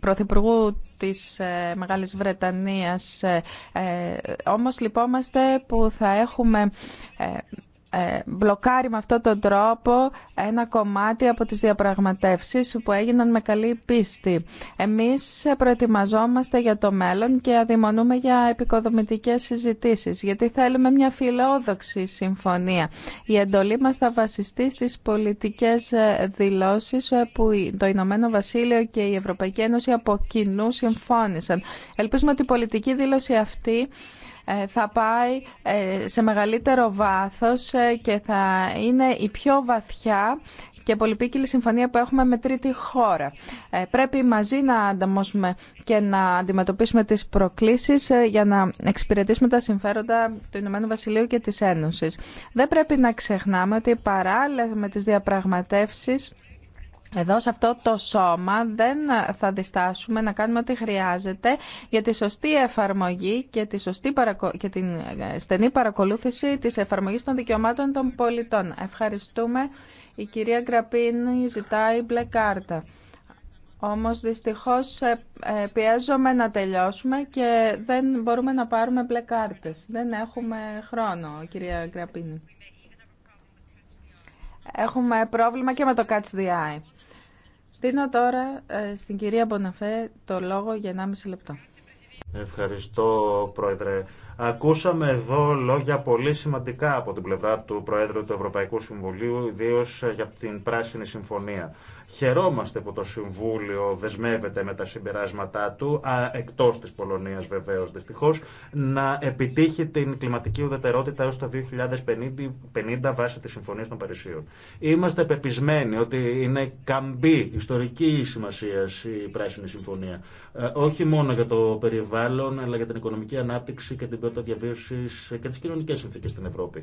Πρωθυπουργού της ε, Μεγάλης Βρετανίας. Ε, όμως λυπόμαστε που θα έχουμε ε, μπλοκάρει με αυτόν τον τρόπο ένα κομμάτι από τις διαπραγματεύσεις που έγιναν με καλή πίστη. Εμείς προετοιμαζόμαστε για το μέλλον και αδειμονούμε για επικοδομητικές συζητήσεις, γιατί θέλουμε μια φιλόδοξη συμφωνία. Η εντολή μας θα βασιστεί στις πολιτικές δηλώσεις που το Ηνωμένο Βασίλειο και η Ευρωπαϊκή Ένωση από κοινού συμφώνησαν. Ελπίζουμε ότι η πολιτική δήλωση αυτή ε, θα πάει ε, σε μεγαλύτερο βάθος ε, και θα είναι η πιο βαθιά και πολυπίκυλη συμφωνία που έχουμε με τρίτη χώρα. πρέπει μαζί να ανταμώσουμε και να αντιμετωπίσουμε τις προκλήσεις για να εξυπηρετήσουμε τα συμφέροντα του Ηνωμένου Βασιλείου και της Ένωσης. Δεν πρέπει να ξεχνάμε ότι παράλληλα με τις διαπραγματεύσεις εδώ σε αυτό το σώμα δεν θα διστάσουμε να κάνουμε ό,τι χρειάζεται για τη σωστή εφαρμογή και, τη σωστή παρακο... και την ε, στενή παρακολούθηση της εφαρμογής των δικαιωμάτων των πολιτών. Ευχαριστούμε. Η κυρία Γκραπίνη ζητάει μπλε κάρτα. Όμως δυστυχώς ε, ε, πιέζομαι να τελειώσουμε και δεν μπορούμε να πάρουμε μπλε κάρτες. Δεν έχουμε χρόνο, κυρία Γκραπίνη. Έχουμε πρόβλημα και με το Catch the Eye. Δίνω τώρα ε, στην κυρία Μποναφέ το λόγο για 1,5 λεπτό. Ευχαριστώ, Πρόεδρε. Ακούσαμε εδώ λόγια πολύ σημαντικά από την πλευρά του Προέδρου του Ευρωπαϊκού Συμβουλίου, ιδίω ε, για την Πράσινη Συμφωνία. Χαιρόμαστε που το Συμβούλιο δεσμεύεται με τα συμπεράσματά του, εκτό τη Πολωνία βεβαίω δυστυχώ, να επιτύχει την κλιματική ουδετερότητα έω το 2050 βάσει τη Συμφωνία των Παρισίων. Είμαστε πεπισμένοι ότι είναι καμπή ιστορική σημασία η Πράσινη Συμφωνία. Ε, όχι μόνο για το περιβάλλον, αλλά για την οικονομική ανάπτυξη και την ποιότητα διαβίωση και τι κοινωνικέ συνθήκε στην Ευρώπη.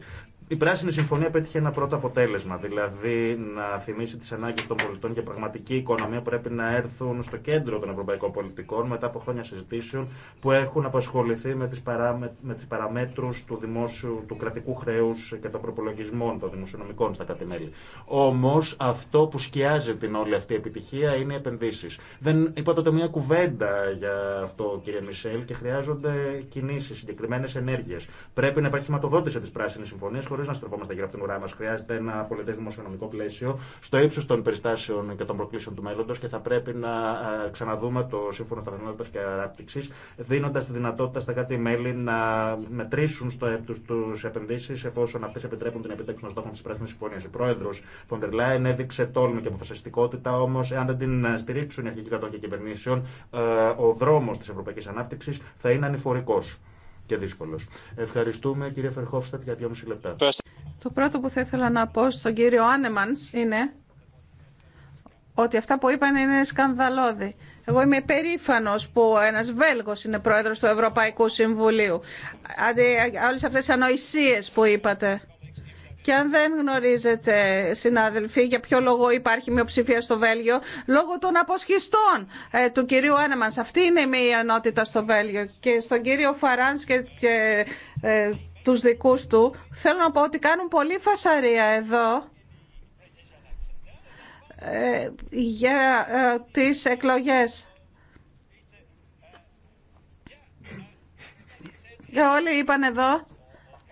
Η Πράσινη Συμφωνία πέτυχε ένα πρώτο αποτέλεσμα, δηλαδή να θυμίσει τι ανάγκε των πολιτών και πραγματική οικονομία πρέπει να έρθουν στο κέντρο των ευρωπαϊκών πολιτικών μετά από χρόνια συζητήσεων που έχουν απασχοληθεί με τι παράμε, παραμέτρου του, δημόσιου, του κρατικού χρέου και των προπολογισμών των δημοσιονομικών στα κράτη-μέλη. Όμω αυτό που σκιάζει την όλη αυτή επιτυχία είναι οι επενδύσει. Δεν είπα τότε μια κουβέντα για αυτό, κύριε Μισελ, και χρειάζονται κινήσει, συγκεκριμένε ενέργειε. Πρέπει να υπάρχει χρηματοδότηση τη Πράσινη Συμφωνία χωρί να στρεφόμαστε γύρω από την ουρά μα. Χρειάζεται ένα πολιτέ δημοσιονομικό πλαίσιο στο ύψο των περιστάσεων και των προκλήσεων του μέλλοντο και θα πρέπει να ε, ξαναδούμε το Σύμφωνο Σταθερότητα και Ανάπτυξη, δίνοντα τη δυνατότητα στα κάτι μελη να μετρήσουν στο έπτου του επενδύσει εφόσον αυτέ επιτρέπουν την επιτέξη των στόχων τη Πράσινη Συμφωνία. Η πρόεδρο Φοντερ Λάιν έδειξε τόλμη και αποφασιστικότητα, όμω εάν δεν την στηρίξουν οι αρχικοί κρατών κυβερνήσεων, ε, ο δρόμο τη ευρωπαϊκή ανάπτυξη θα είναι ανηφορικό και δύσκολο. Ευχαριστούμε κύριε Φερχόφστατ για 2,5 λεπτά. Το πρώτο που θα ήθελα να πω στον κύριο Άνεμαν είναι ότι αυτά που είπαν είναι σκανδαλώδη. Εγώ είμαι περήφανο που ένα Βέλγο είναι πρόεδρο του Ευρωπαϊκού Συμβουλίου. Αντί όλε αυτέ τι ανοησίε που είπατε. Και αν δεν γνωρίζετε, συνάδελφοι, για ποιο λόγο υπάρχει μειοψηφία στο Βέλγιο, λόγω των αποσχιστών ε, του κυρίου Άνεμανς. Αυτή είναι η μειονότητα στο Βέλγιο. Και στον κύριο Φαράνς και, και ε, τους δικούς του, θέλω να πω ότι κάνουν πολλή φασαρία εδώ ε, για ε, τις εκλογές. Και όλοι είπαν εδώ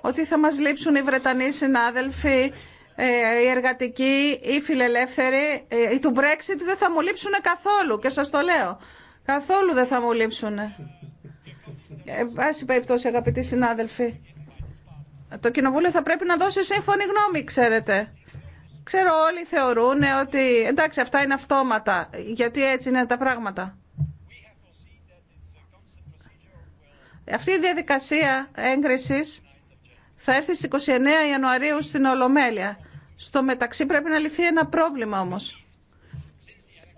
ότι θα μας λείψουν οι Βρετανοί συνάδελφοι, ε, οι εργατικοί, οι φιλελεύθεροι. Οι ε, του Brexit δεν θα μου λείψουν καθόλου και σας το λέω. Καθόλου δεν θα μου λείψουν. Εν πάση περιπτώσει αγαπητοί συνάδελφοι, το Κοινοβούλιο θα πρέπει να δώσει σύμφωνη γνώμη, ξέρετε. Ξέρω όλοι θεωρούν ότι εντάξει αυτά είναι αυτόματα, γιατί έτσι είναι τα πράγματα. Αυτή η διαδικασία έγκρισης θα έρθει στις 29 Ιανουαρίου στην Ολομέλεια. Στο μεταξύ πρέπει να λυθεί ένα πρόβλημα όμως.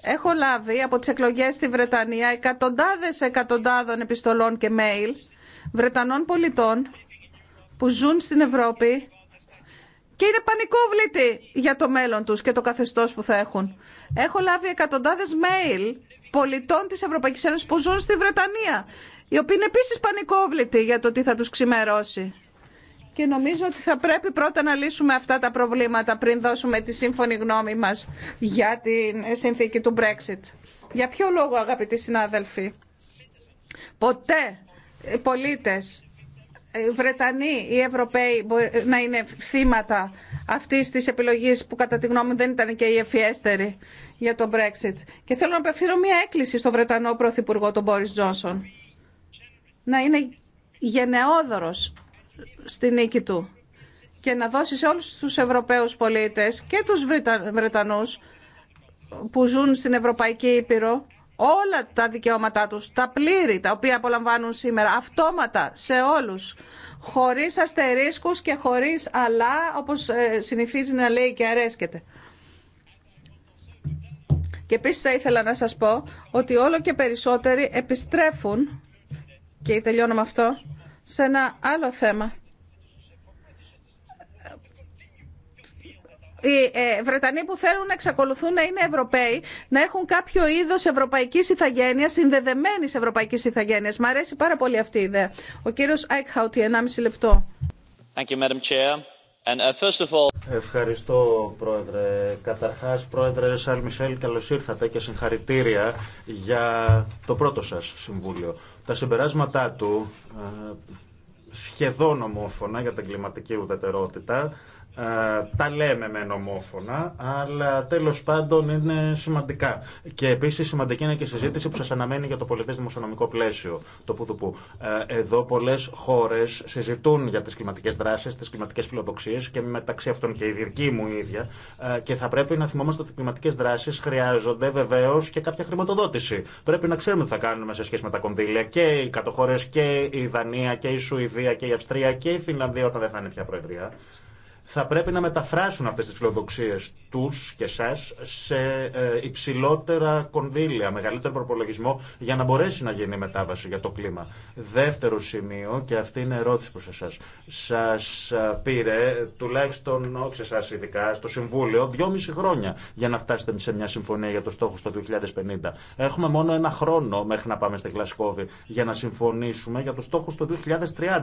Έχω λάβει από τις εκλογές στη Βρετανία εκατοντάδες εκατοντάδων επιστολών και mail Βρετανών πολιτών που ζουν στην Ευρώπη και είναι πανικόβλητοι για το μέλλον τους και το καθεστώς που θα έχουν. Έχω λάβει εκατοντάδες mail πολιτών της Ευρωπαϊκής Ένωσης που ζουν στη Βρετανία, οι οποίοι είναι επίσης πανικόβλητοι για το τι θα τους ξημερώσει και νομίζω ότι θα πρέπει πρώτα να λύσουμε αυτά τα προβλήματα πριν δώσουμε τη σύμφωνη γνώμη μας για τη συνθήκη του Brexit. Για ποιο λόγο αγαπητοί συνάδελφοι, ποτέ οι πολίτες, οι Βρετανοί ή Ευρωπαίοι να είναι θύματα αυτή τη επιλογή που κατά τη γνώμη δεν ήταν και η ευφιέστερη για τον Brexit. Και θέλω να απευθύνω μια έκκληση στον Βρετανό Πρωθυπουργό, τον Μπόρι Τζόνσον. Να είναι γενναιόδωρος στη νίκη του και να δώσει σε όλους τους Ευρωπαίους πολίτες και τους Βρετανούς που ζουν στην Ευρωπαϊκή Ήπειρο όλα τα δικαιώματά τους, τα πλήρη, τα οποία απολαμβάνουν σήμερα, αυτόματα σε όλους, χωρίς αστερίσκους και χωρίς αλλά, όπως ε, συνηθίζει να λέει και αρέσκεται. Και επίσης θα ήθελα να σας πω ότι όλο και περισσότεροι επιστρέφουν, και τελειώνω με αυτό, σε ένα άλλο θέμα οι ε, Βρετανοί που θέλουν να εξακολουθούν να είναι Ευρωπαίοι να έχουν κάποιο είδο ευρωπαϊκή ηθαγένεια, συνδεδεμένη ευρωπαϊκή ηθαγένεια. Μ' αρέσει πάρα πολύ αυτή η ιδέα. Ο κύριο Άικχαουτ, 1,5 λεπτό. Uh, Ευχαριστώ, Πρόεδρε. Καταρχά, Πρόεδρε Σαρ Μισελ, καλώ ήρθατε και συγχαρητήρια για το πρώτο σα συμβούλιο. Τα συμπεράσματά του ε, σχεδόν ομόφωνα για την κλιματική ουδετερότητα ε, τα λέμε με νομόφωνα, αλλά τέλος πάντων είναι σημαντικά. Και επίσης σημαντική είναι και η συζήτηση που σας αναμένει για το πολιτές δημοσιονομικό πλαίσιο, το πουδουπού. Ε, εδώ πολλές χώρες συζητούν για τις κλιματικές δράσεις, τις κλιματικές φιλοδοξίες και μεταξύ αυτών και η δική μου ίδια ε, και θα πρέπει να θυμόμαστε ότι οι κλιματικές δράσεις χρειάζονται βεβαίω και κάποια χρηματοδότηση. Πρέπει να ξέρουμε τι θα κάνουμε σε σχέση με τα κονδύλια και οι κατοχώρες και η Δανία και η Σουηδία και η Αυστρία και η Φινλανδία όταν δεν θα είναι πια προεδρία θα πρέπει να μεταφράσουν αυτές τις φιλοδοξίες τους και σας σε ε, υψηλότερα κονδύλια, μεγαλύτερο προπολογισμό για να μπορέσει να γίνει η μετάβαση για το κλίμα. Δεύτερο σημείο, και αυτή είναι ερώτηση προς εσάς, σας ε, πήρε, τουλάχιστον όχι σε εσάς ειδικά, στο Συμβούλιο, δυόμιση χρόνια για να φτάσετε σε μια συμφωνία για το στόχο στο 2050. Έχουμε μόνο ένα χρόνο μέχρι να πάμε στη Γλασκόβη για να συμφωνήσουμε για το στόχο στο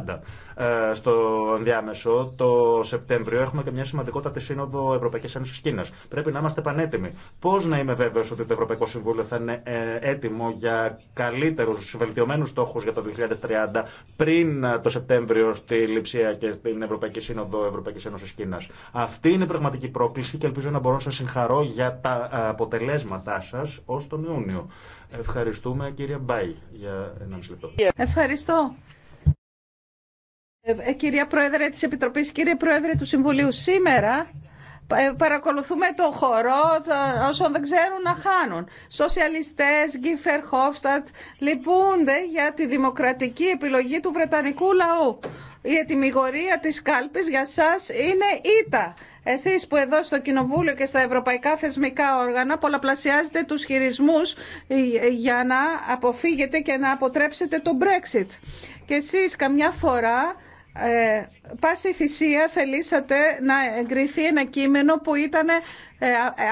2030. Ε, στο ενδιάμεσο, το Σεπτέμβριο έχουμε και μια σημαντικότατη σύνοδο Ευρωπαϊκή Ένωση Κίνα. Πρέπει να είμαστε πανέτοιμοι. Πώ να είμαι βέβαιο ότι το Ευρωπαϊκό Συμβούλιο θα είναι ε, έτοιμο για καλύτερου, βελτιωμένου στόχου για το 2030 πριν ε, το Σεπτέμβριο στη Λιψία και στην Ευρωπαϊκή Σύνοδο Ευρωπαϊκή Ένωση Κίνα. Αυτή είναι η πραγματική πρόκληση και ελπίζω να μπορώ να σα συγχαρώ για τα ε, αποτελέσματά σα ω τον Ιούνιο. Ευχαριστούμε κύριε Μπάι για ένα λεπτό. Ευχαριστώ. Ε, ε, κυρία Πρόεδρε της Επιτροπής, κύριε Πρόεδρε του Συμβουλίου, σήμερα ε, παρακολουθούμε το χορό όσων δεν ξέρουν να χάνουν. Σοσιαλιστές, Γκίφερ Χόφστατ λυπούνται για τη δημοκρατική επιλογή του Βρετανικού λαού. Η ετοιμιγορία της κάλπης για σας είναι ήττα. Εσείς που εδώ στο Κοινοβούλιο και στα ευρωπαϊκά θεσμικά όργανα πολλαπλασιάζετε τους χειρισμούς ε, για να αποφύγετε και να αποτρέψετε το Brexit. Και εσείς καμιά φορά ε, πάση θυσία θελήσατε να εγκριθεί ένα κείμενο που ήταν ε,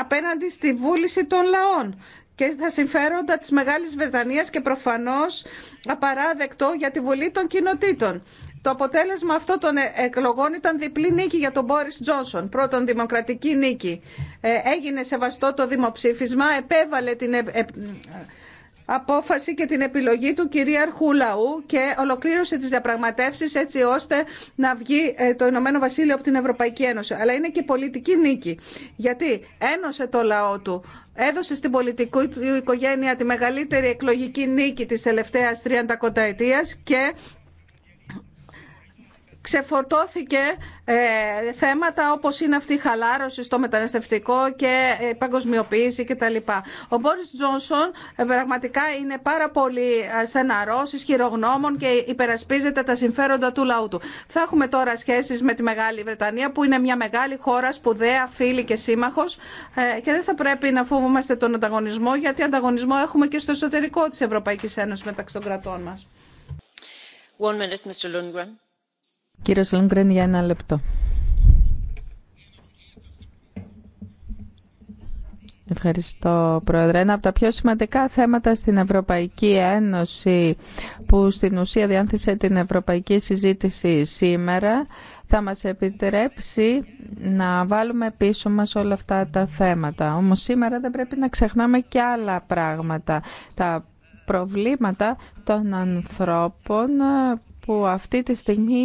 απέναντι στη βούληση των λαών και στα συμφέροντα της Μεγάλης Βρετανίας και προφανώς απαράδεκτο για τη Βουλή των Κοινοτήτων. Το αποτέλεσμα αυτών των ε, εκλογών ήταν διπλή νίκη για τον Μπόρις Τζόνσον. Πρώτον, δημοκρατική νίκη. Ε, έγινε σεβαστό το δημοψήφισμα, επέβαλε την απόφαση και την επιλογή του κυρίαρχου λαού και ολοκλήρωσε τις διαπραγματεύσεις έτσι ώστε να βγει ε, το Ηνωμένο Βασίλειο από την Ευρωπαϊκή Ένωση. Αλλά είναι και πολιτική νίκη, γιατί ένωσε το λαό του, έδωσε στην πολιτική οικογένεια τη μεγαλύτερη εκλογική νίκη της τελευταίας 30 ετίας και ξεφορτώθηκε ε, θέματα όπως είναι αυτή η χαλάρωση στο μεταναστευτικό και ε, η παγκοσμιοποίηση κτλ. Ο Μπόρις Τζόνσον ε, πραγματικά είναι πάρα πολύ ε, στεναρός, ισχυρογνώμων και υπερασπίζεται τα συμφέροντα του λαού του. Θα έχουμε τώρα σχέσεις με τη Μεγάλη Βρετανία που είναι μια μεγάλη χώρα σπουδαία, φίλη και σύμμαχος και δεν θα πρέπει να φοβούμαστε τον ανταγωνισμό γιατί ανταγωνισμό έχουμε και στο εσωτερικό της Ευρωπαϊκής Ένωσης μεταξύ των κρατών μας. One minute, Mr. Lundgren. Κύριος Λούγκρεν για ένα λεπτό. Ευχαριστώ, Πρόεδρε. Ένα από τα πιο σημαντικά θέματα στην Ευρωπαϊκή Ένωση που στην ουσία διάνθησε την ευρωπαϊκή συζήτηση σήμερα θα μας επιτρέψει να βάλουμε πίσω μας όλα αυτά τα θέματα. Όμως σήμερα δεν πρέπει να ξεχνάμε και άλλα πράγματα. Τα προβλήματα των ανθρώπων που αυτή τη στιγμή